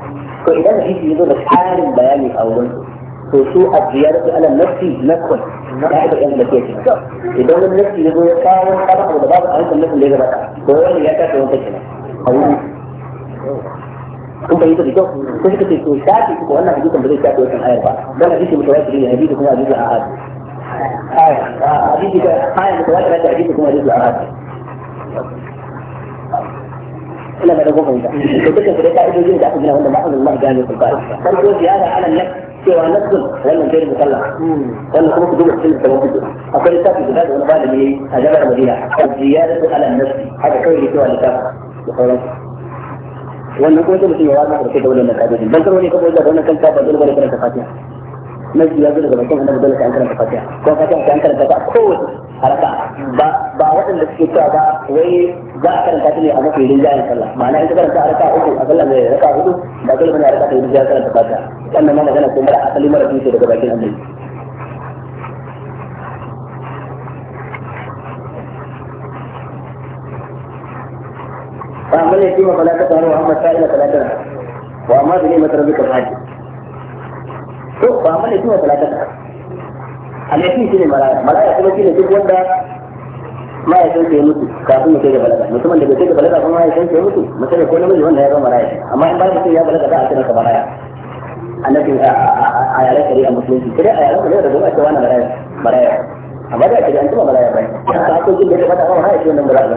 فاذا هي في ظل الحال البياني الاول وسوء الزيادة في ألم نفسي نكون لاحظ الألم النفسي يجب يدون النفسي يقول يقاوم طبق وضباب أنت النفسي اللي يجب أتعب هو اللي يكاد يوم تجنة أو كم بيجي تجد كم تجد كاتي كم أنا تجد كاتي وكم آية بعد ده لا بيجي تجد هذي تكون هذي تجد آه تجد هاي تجد هذي تكون هذي تجد انا بلغكم ذا وتلك الفريقة ايضا يجب تأخذ منها وانا بأخذ الله جاني في البارد فانا تقول في هذا على النفس سوى نفسه ولا غير مكلف ولا كم كذوب السلم التوقيت اقول لك في جبال وانا قال لي اجاب على مدينة الزيادة على النفس حتى كوي لي سوى لكاف بقولك وانا قلت لك في مواد مخرجة ولا نكابة بل تروني كم ولا كم كابة ولا كم كابة ولا كم كابة mafi ya zo daga bakin annabi dole sai an karanta fatiha ko fatiha sai an karanta ta kowace haraka ba ba waɗanda suke cewa ba wai za a karanta ta ne a mafi rinjayen sallah ma'ana in ka karanta haraka uku a sallah mai haraka hudu ba dole bane haraka ta rinjayen karanta fatiha wannan ma magana ko mara asali mara tushe daga bakin annabi فأما اليتيم فلا تقهر وأما السائل فلا تنهر وأما بنعمة ربك فحدث to ba mana shi ne talaka alaifi shi ne malaya malaya kuma shi ne duk wanda mahaifin ke mutu kafin ya kai balaga musamman da bai kai ga balaga kuma mahaifin ke mutu musamman ko namiji wanda ya zama malaya amma in bayan mutum ya balaga za a kira ka malaya annabi a yaren shari'a musulunci sai dai a yaren shari'a da zuwa cewa na malaya malaya amma da ake da an tuma malaya bai ta hakokin da ya fata kawai haifi a balaga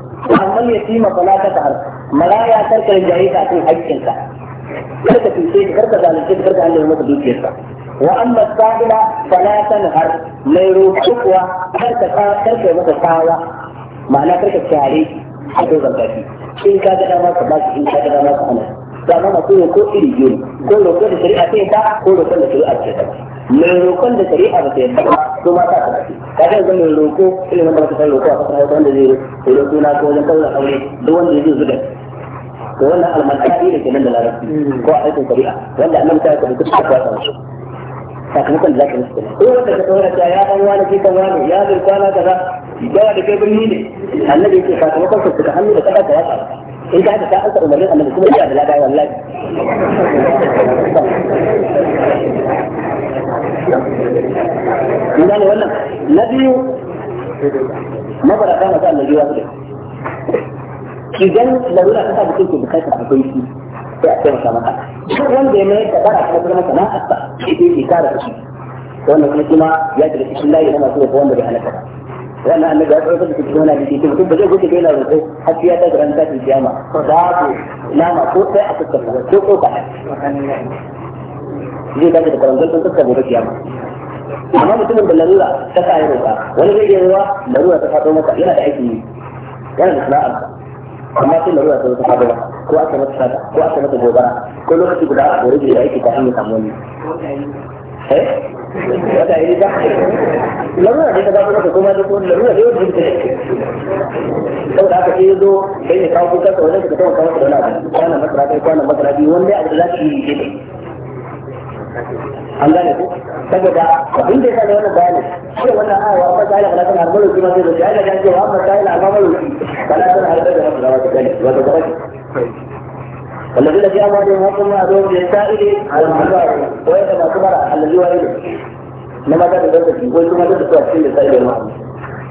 amma ya tima fala ta ta'ar malaya karkar jayi ka kan haƙƙinka karka tuce shi karka zalunce shi karka Allah masa dukiyarsa wa amma sa'ila fala har mai roƙo kuwa karka karka masa tsawa ma'ana karka kyare a dogon gafi in ka ga dama ka ba shi in ka ga dama ka hana da ma ko iri biyu ko roƙo da shari'a ce ta ko roƙo da shari'a ce ta mai roƙon da shari'a ba ta yarda ba su ma ta ta ka ga yanzu roƙo ilimin da ba san roƙo a kasar hausa wanda zai roƙo na ko wajen kallon aure duk wanda zai zuga to wannan almanaki iya kenan da larabci hmm. ko a aikin shari'a wanda annabi ta yi kuma ta kwasa sakamakon da za ka musu ko wanda ka tsawara ta ya ɗan wani ke kan wani ya zai kwana kaza ba da kai birni ne annabi ya sakamakon su ka hannu da ta ya انت هذا سألت أمريكا أن يكون إلا بالأباء والأولاد يعني ولا نبي نظر كان قال نجي واحد في جن لو لا كتب كنت بخيط على كويسي في أكثر سماحة شو وان جميع تبارا كنا كنا كنا أكثر في إشارة شيء وانا كنا كنا يجري في شلائي لما كنا كنا بحنا كتب wannan annabi ya tsarkar da cikin da shi mutum ba zai gudu da yana roƙo har sai ya ta garan ta kiyama babu nama ko sai a fuskar ko ko ka zai tashi da karantar sun fuskar gobe kiyama amma mutumin da larura ta ya roƙa wani zai iya ruwa larura ta faɗo maka yana da aiki yana da sana'arsa amma sai larura ta ta faɗo ko aka masa sata ko aka masa gobara ko lokaci guda a gore da aiki ta hanyar samu wani. Eh? wata iri ba larura ne ta zama maka kuma da kuma larura ne wanda ta saboda haka sai zo sai ne kawo kuka ka wajen ka tawo kawo da wani kwana masara kai kwana masara biyu wanda a za su yi ne an gane ku saboda abin da ya sa wannan bayanin shi wannan aya wa ta ila kana kana arbalo kuma sai da ya ga cewa amma ta ila amma malo kana kana arbalo da wata wata kana wata wata والذين جاء بعدهم وقلنا لهم للسائل على المحبار وإذا ما كبر الذي هو إلم لما كان يدرس في بول ثم يدرس في السائل المحبار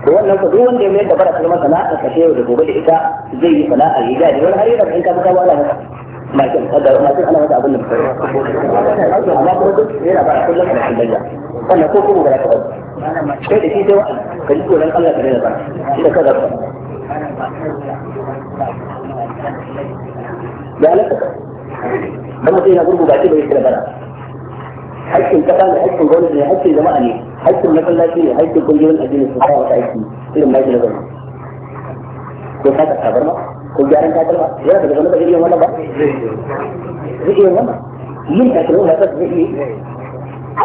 هو أنه تدوم أن يمين كبر كلمة سناء الكشير والكوبة لإساء زي سناء الإجاد والحرير من كان مكوى له ما كان هذا ما كان أنا هذا أظن ما كنت هنا إيه بعد كل لك من ذلك لما تيجي نقول بعتبر الكلام haƙƙin kasa ne haƙƙin gwamnati ne haƙƙin jama'a ne haƙƙin masallaci ne haƙƙin kungiyoyin addini su kawo wata aiki irin maki na gwamnati ko saka tabarma ko gyaran tabarma yana daga gwamnati irin wannan ba zai iya wannan yin takalmin na kasu zai iya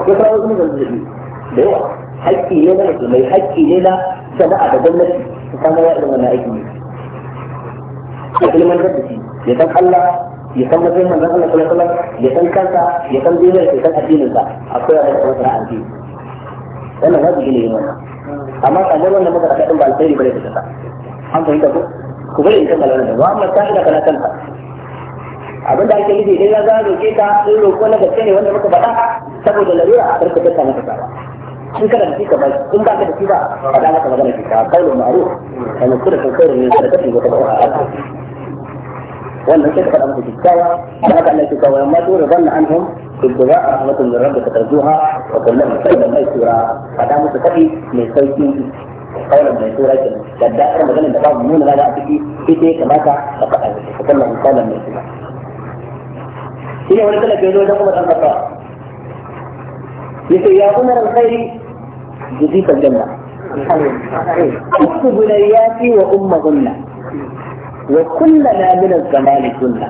ko kawo wasu mutum zai da yawa haƙƙi ne na musulmai haƙƙi ne na jama'a da gwamnati su kama ya irin wannan aiki ne a ilmantar da shi ya san Allah ya san mutum manzon Allah sallallahu alaihi wasallam ya san kansa ya san dinin ya san addinin sa akwai wani kuma sana addini wannan wajibi ne wannan amma kamar wannan muka da kadin ba alheri bane da ta an fahimta ko ku bari in kammala wannan wa amma ta ina kana kanka abin da ake yi idan ya zaro ke ka in ko na gaske ne wanda muka faɗa saboda larura a karka ta maka tsawa in kada da shi ka bai in ba ka da shi ba faɗa maka magana ki ka kawo ma'ruf kana kura kan kawo ne da kafin wata ba'a وأن كيف قد أمرت تستوى فهذا أن تستوى وما تورضن عنهم في الدعاء رحمة من الرب ترجوها وقل لهم قولا ميسورا فدا متفقي من سوكي قولا ميسورا كده ده أنا مجال أن من هذا أبكي في تي كما فقد فقل لهم قولا ميسورا هنا ولد لك يقول لهم الأنفقاء يقول يا عمر الخير جديد الجنة اكتب لياتي وأمهن وكلنا من الزمان كلنا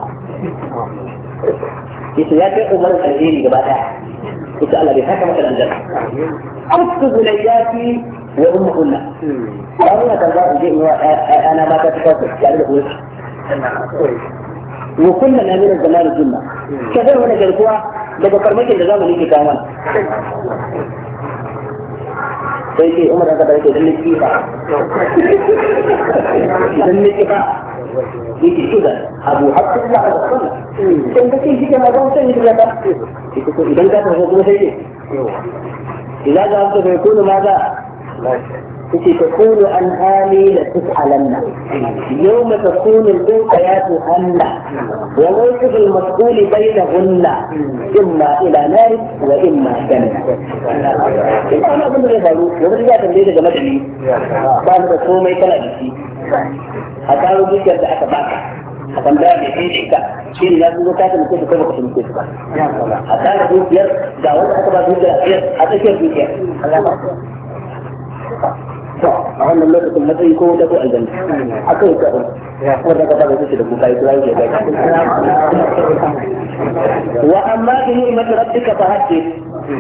يسوي يا شيخ عمر الخليل قبالها قلت الله بهاك مثلا جل أمس بنياتي وأم كلنا أمينة الله جئنا أنا ما تتفضل قال يعني له وش وكلنا من الزمان كلنا كثير من الجلسوا لقد قرمت الجزام اللي في كامان فيكي عمر هذا بيكي دلت كيفا دلت كيفا yake so da abu har sai Allah ya san in da kin kike magana sai ni da ba yake so idan ka tafi kuma sai ke idan ga wanda bai kuma ma da yake تكون عن آلي لتسألن يوم تكون البنقيات هن وموقف المسؤول بينهن إما إلى نار وإما جنة. أنا أظن أنه يقول لك أنا أقول لك أنا أقول لك أنا أقول لك a kawo dukiyar da aka baka a tambaya mai kai shi ka shi ne ya zo ka ta mutu ko baka ta mutu ba a kawo dukiyar ga wanda aka ba dukiyar a tsakiyar dukiyar a wannan lokacin matsayi ko wata ko aljanna a kan kaɗan wanda ka fara su da kuka yi turayi da wa amma bi ni'mat rabbika fa haddith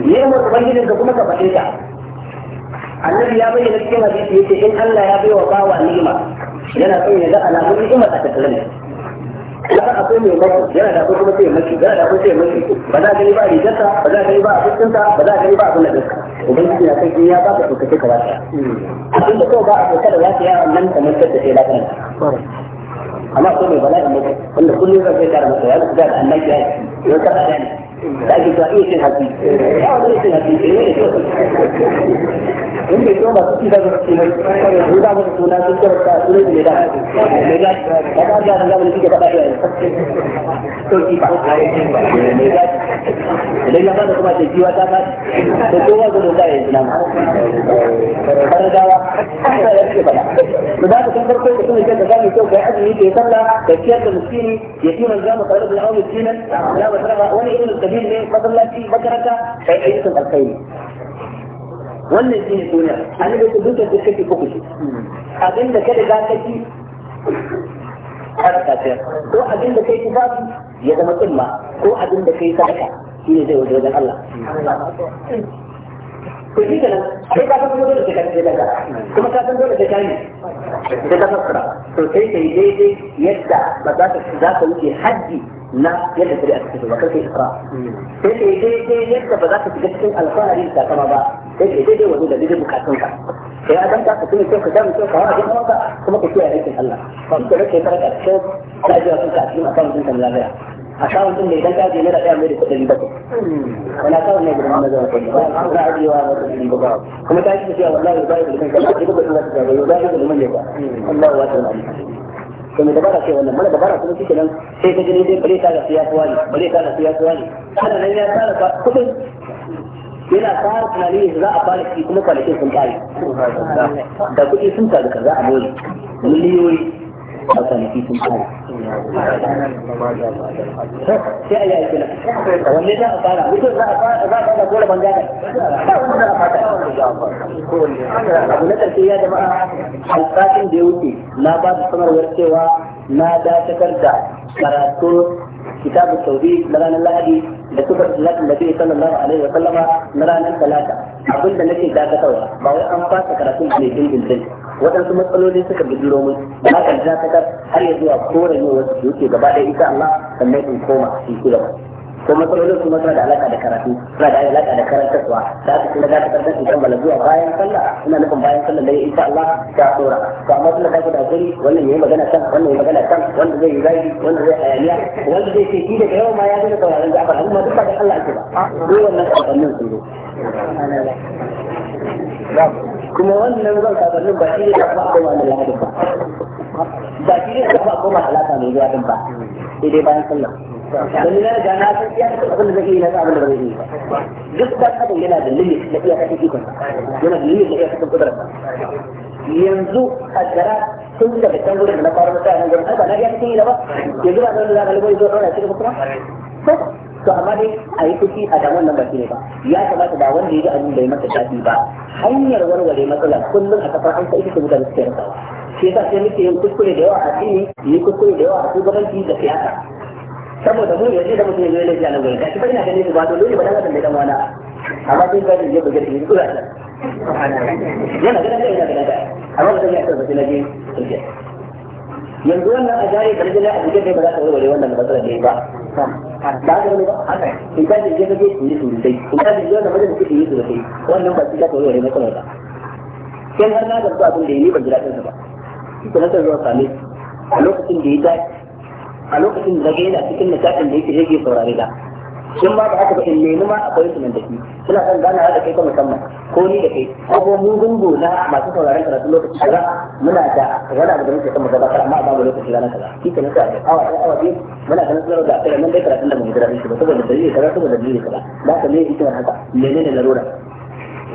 ni'mat ubangijinka kuma ka faɗe ta annabi ya bayyana cikin hadisi yace in Allah ya baiwa bawa ni'ima yana son ya ga alamun ni'imar a tattalin kaga akwai mai mako yana da akwai kuma sai maki yana da akwai sai maki ba za ka yi ba rigarsa ba za ka yi ba abincinsa ba za ka yi ba abin da ɗinka ubangiji na kai ya ba ka tsokace ka wata abin da kawai ba a tsoka da wata yawan nan kamar sadda sai lafiya amma akwai mai bala'in mako wanda kullum zai kai kara masa ya zuba da annabi ya yi yau kada da ne da ake cewa iya cin hatsi ya wani cin hatsi ne ne inda yau masu ci da zuci ne ko da mutum suna sun kira ta su ne da me da da da da da da suke faɗa iyaye to ki ba me da idan ya bada kuma ce jiwa ta ba to kowa zo da ya nan har dawa ta ya ce faɗa to da kan farko da kuma kan da zamu so kai azumi ke sallah da ciyar da miskini yatiman zamu tsare da aure dinan la ba tsara wani irin sabili ne masallaci makaranta kai ayyukan alkhairi wannan shi ne duniya annabi ku duka duk kake kuku shi abin da kada za ka ci sadaka ce ko abin da kai tufafi ya zama tsumma ko abin da kai sadaka shi ne zai wajen Allah to shi kenan sai ka san dole da kai daga kuma ka san dole da kai da ka fara to sai kai daidai yadda ba za ka za ka wuce haji na yadda shari'a ta ba kai isra sai kai daidai yadda ba za ka shiga cikin alfahari da kama ba sai ka daidai wani da daidai bukatun ka sai a danta ka kuma ka samu kyau ka wani abin ka kuma ka kiyaye aikin Allah ba duk da ke fara karshen ajiyar kanka a cikin akawun ɗinka na lafiya akawun ɗin ne idan ka je naira ɗaya mai da kuɗin bakwai wani akawun ne gudunar na zama kuɗi ba a ajiyewa na kuɗin bakwai kuma ta yi cewa wallahi ba ya gudunar ka ba a gudunar da ta zama ba ya gudunar ne ba Allah wa ta zama to mai dabara ce wannan mana dabara kuma shike nan sai ka gani dai bare ta ga siya ne bare ta ga siya ne kana nan ya tsara kudin yana fara tunani ne za a fara shi kuma kwanakin sun kare da kuɗi sun da za a more miliyoyi a kwanaki sun kare sai a yi aiki na wanne za a fara mutum za a fara za a fara kora bangare ba wanda za a fata abu na karshe ya jama'a alƙatin da ya wuce na ba da sanarwar cewa na dakatar da karatu كتاب التوحيد نرانا لهدي لكبر صلاة النبي صلى الله عليه وسلم نرانا ثلاثة أقول لك ذاك توا ما هو أن فاس كراتين في الدين بالدين waɗansu matsaloli suka bijiro mun ba ka dakatar har ya zuwa koren yin wasu duke gaba ɗaya ita Allah sannan in koma shi gaba. ko matsalolin kuma suna da alaka da karatu suna da alaka da karantarwa da aka kuma za ka karanta su kan zuwa bayan sallah ina nufin bayan sallah da insha Allah ta tsora to amma suna da da gari wannan yayi magana kan wannan yayi magana kan wanda zai yi zai wanda zai wanda zai ce da duk ba da Allah ake ba wannan kafannin zo kuma ne da ba a da lahadin ba ba da zuwa ba sai bayan sallah dan na ga na san iya kace abin da zai yi na abin da zai yi duk da kadan yana da limit da iya kace ikon yana da limit da iya kace kudura yanzu a jara tun da can gurin da na fara mutane nan gurin ba na iya ta yi da ba yanzu ba zan da galibai zo dora shi da kuma to amma dai a yi kuki a da wannan baki ne ba ya kamata ba wanda ya ji abin bai masa daɗi ba hanyar warware matsalar kullum a kafar an sai ita mutane suke rasawa shi yasa sai muke yin kuskure da yawa a cikin yi kuskure da yawa a shugabanci da siyasa saboda mu yanzu da mutum ya yi nan gurin kashi bari na ganin ba to dole ba dan mai dan wala amma sai ka je buga shi kula ta yana ganin kai yana ganin kai amma mutum ya tsaya da je yanzu wannan a jari karbi na abuja ne ba za ta warware wannan matsalar ne ba ba ga wani ba haka in ka je ka je ta yi su in ka je wannan mutum ke yi su wannan ba shi ka warware matsalar ba sai har na ga abin da yi ban jira ta ba kuma sai zuwa same a lokacin da ya dace a lokacin da yana cikin nishaɗin da yake yake saurare da sun ba da haka ba in nemi ma akwai su nan da shi suna son gana da kai ta musamman ko ni da kai ko ko mun gungu na masu sauraren karatu lokaci kaza muna da wani abu da muke son mu gabatar amma babu lokaci ranar kaza shi ke nasa da awa ɗaya awa biyu muna da sanar da akwai nan dai karatun da mu gudanar shi ba saboda dalili kaza saboda dalili kaza ba ka ne hikimar haka menene larura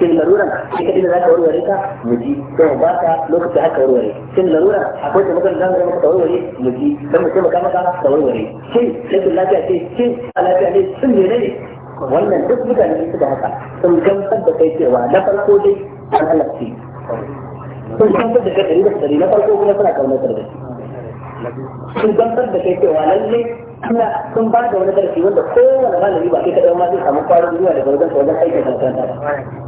cikin larura sai ka za ka warware ta mu ji ba mu baka lokaci haka warware cikin larura akwai ta magana zamu maka warware mu ji dan mu ce maka maka ka warware shin rashin lafiya ce shin lafiya ne sun ne ne wannan duk mutane su da haka sun gamsar da kai cewa na farko dai an halarci sun gamsar da kai dari da dari na farko kuma suna kaunar da sun gamsar da kai cewa lallai kuma sun ba da wani darasi wanda kowane malami ba kai kaɗai ma zai samu kwarin zuwa da wajen wajen aikin makaranta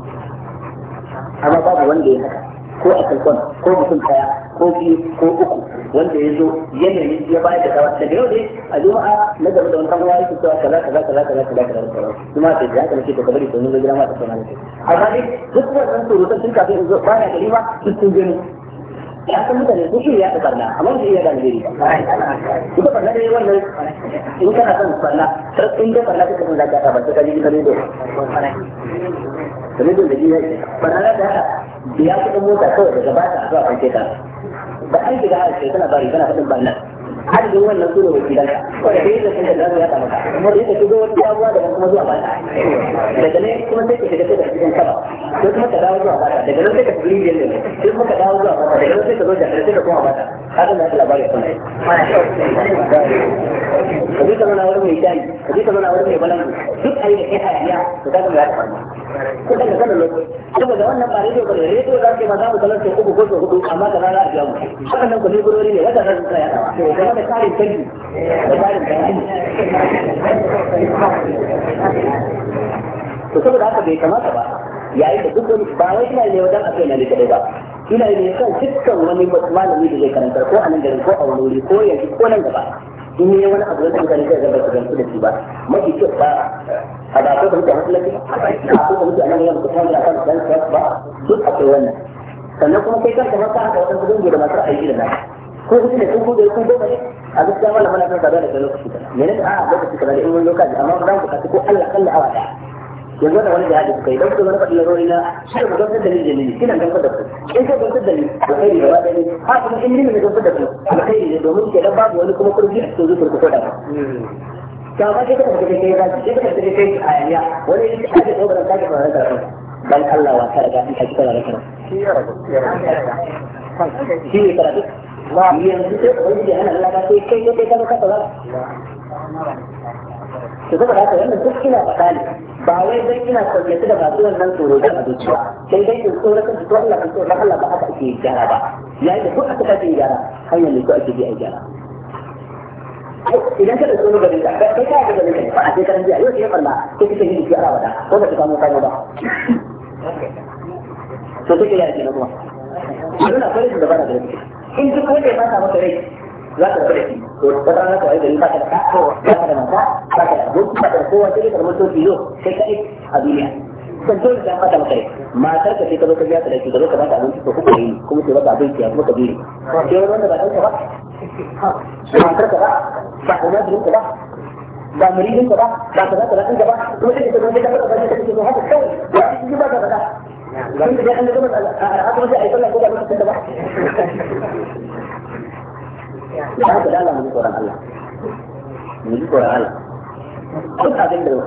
amma babu wanda ya haka ko a kalkon ko mutum kaya ko biyu ko uku wanda ya zo yanayin ya bayar da dawa daga yau ne a juma'a na gaba da wani ya yake cewa kaza kaza kaza kaza kaza kaza kaza kuma ta ji haka nake ta kabari domin zai gida ma ta sauna da kai amma dai duk wannan surutan sun kafin zo ba na gari ma sun gani ya san mutane sun shirya ta barna amma su iya da alheri duka barna dai wannan in kana son barna in da barna kake son zaka ba sai ka kare da kare da jiya barna da haka biya kudin mota kawai daga ba ta zuwa kan ta Ba an shiga har sai kana bari kana faɗin barna adadin wannan su ne wakilanka wanda da sun da ya samu kuma da yadda shigo wata sabuwa da kuma zuwa bata daga nan kuma sai ka shiga sai ka cikin kaba ko kuma ka dawo zuwa bata daga nan sai ka shiga rijiyar da sai kuma ka dawo zuwa bata daga nan sai ka zo da sai ka koma bata haka na shi labarin sun yi ka bi zana wurin mai shayi ka bi zana wurin mai balangu duk ayi da kai hayaniya ka zama ya ta farma ko daga sanin lokaci saboda wannan ba rediyo ba ne rediyo za ka yi ma za mu kalar sau uku ko sau hudu amma ka rana a biya mu waɗannan ku ne gurori ne wata za su tsaya kuma da karin canji da karin canji to saboda haka bai kamata ba yayin da duk wani ba wai ina ne wajen akai na ne kadai ba ina ne kan dukkan wani malami da zai karanta ko a nan garin ko a wani wuri ko yanzu ko nan gaba in yi wani abu da mutane zai zama su gamsu da shi ba mafi kyau ba a ba ko da mutane masallaci a ko da mutane nan yanzu kuma da kan dan ba duk akwai wannan sannan kuma kai kanka haka haka wata gudun da masu aiki da nasu ko kuɗi ne ko gode ko goma a gaskiya wannan muna son saduwa da kai lokaci kaza menene a lokaci kaza da in wani lokaci amma ba za ko Allah kalla awa da. yanzu da wani jihadi suka yi don kuma faɗi na rori na shirin mu gamsar da ni da kina gamsar da ku in ka gamsar da ni alkhairi gaba ɗaya ne ha kuma in ni ne gamsar da ku alkhairi ne domin ke dan babu wani kuma kurji da ke zuwa ko da ka ba ke kuma kake kai zaki ke kuma kake kai ka dan Allah wa ta in ka da shi ba yanzu sai ubangiji hana Allah sai kai ne kai ka kasa ba to saboda wannan duk ina faɗa ne ba wai dai ina sauyace da masu wannan tsoro da a sai dai in tsoro kan tsoro Allah kan tsoro Allah ba haka ake gyara ba yayin da duk aka kace gyara hanyar ne ko ake bi gyara idan ka da tsoro garin ka kai ka ga ba a karan jiya yau sai farma sai kike yi ki arawa da ko ba ka samu kawo ba to take ya ce na kuma yana farin da bana da gaske in duk wanda ya fata rai za ka rabu da shi ta wata rana ka rabu da ba ka da ba ka da mata ba ka da duk ba ka da kowa sai ka ta to filo sai ka a duniya kan dole ka fata maka rai matar ka sai ta zo ta biya ta da shi ta ba ta abinci yi kuma sai ba ka abinci ya kuma ka biye sai wani wanda ba ɗanka ba matar ba ba ka ba ba ba muridin ta ba ba ka za ka ba kuma sai ka ta ka ta da, ba ka ta da ta da. كنت جاي انا جمل اقرا اي طلع كده da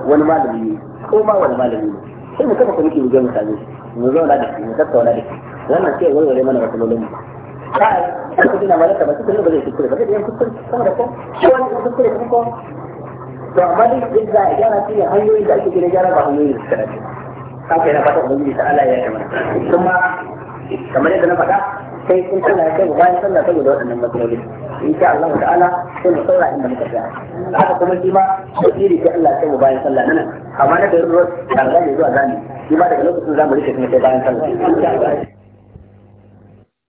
wani malami ko ma wani malami sai mu kafa kwamiti mu je mu same mu zauna da shi mu tattauna da shi wannan sai warware mana matsalolin mu ba a kuɗi na malaka ba su kullum ba zai kuskure ba zai yin kuskure sama da ko shi wani kuskure kuma ko to amma dai yadda gyara shi ne hanyoyi da ake gina gyara ba hanyoyin da suka haka yana fata ubangiji ta Allah ya kama kuma kamar yadda na faɗa sai kun sallah ya kai bayan sallah saboda waɗannan matsaloli insha Allah ta'ala sai mu saura inda muka tsaya haka kuma shi ma tasiri sai Allah ya kai bayan sallah nan amma na da ruwa da zani zuwa zani shi ma daga lokacin zamu rike kuma sai bayan sallah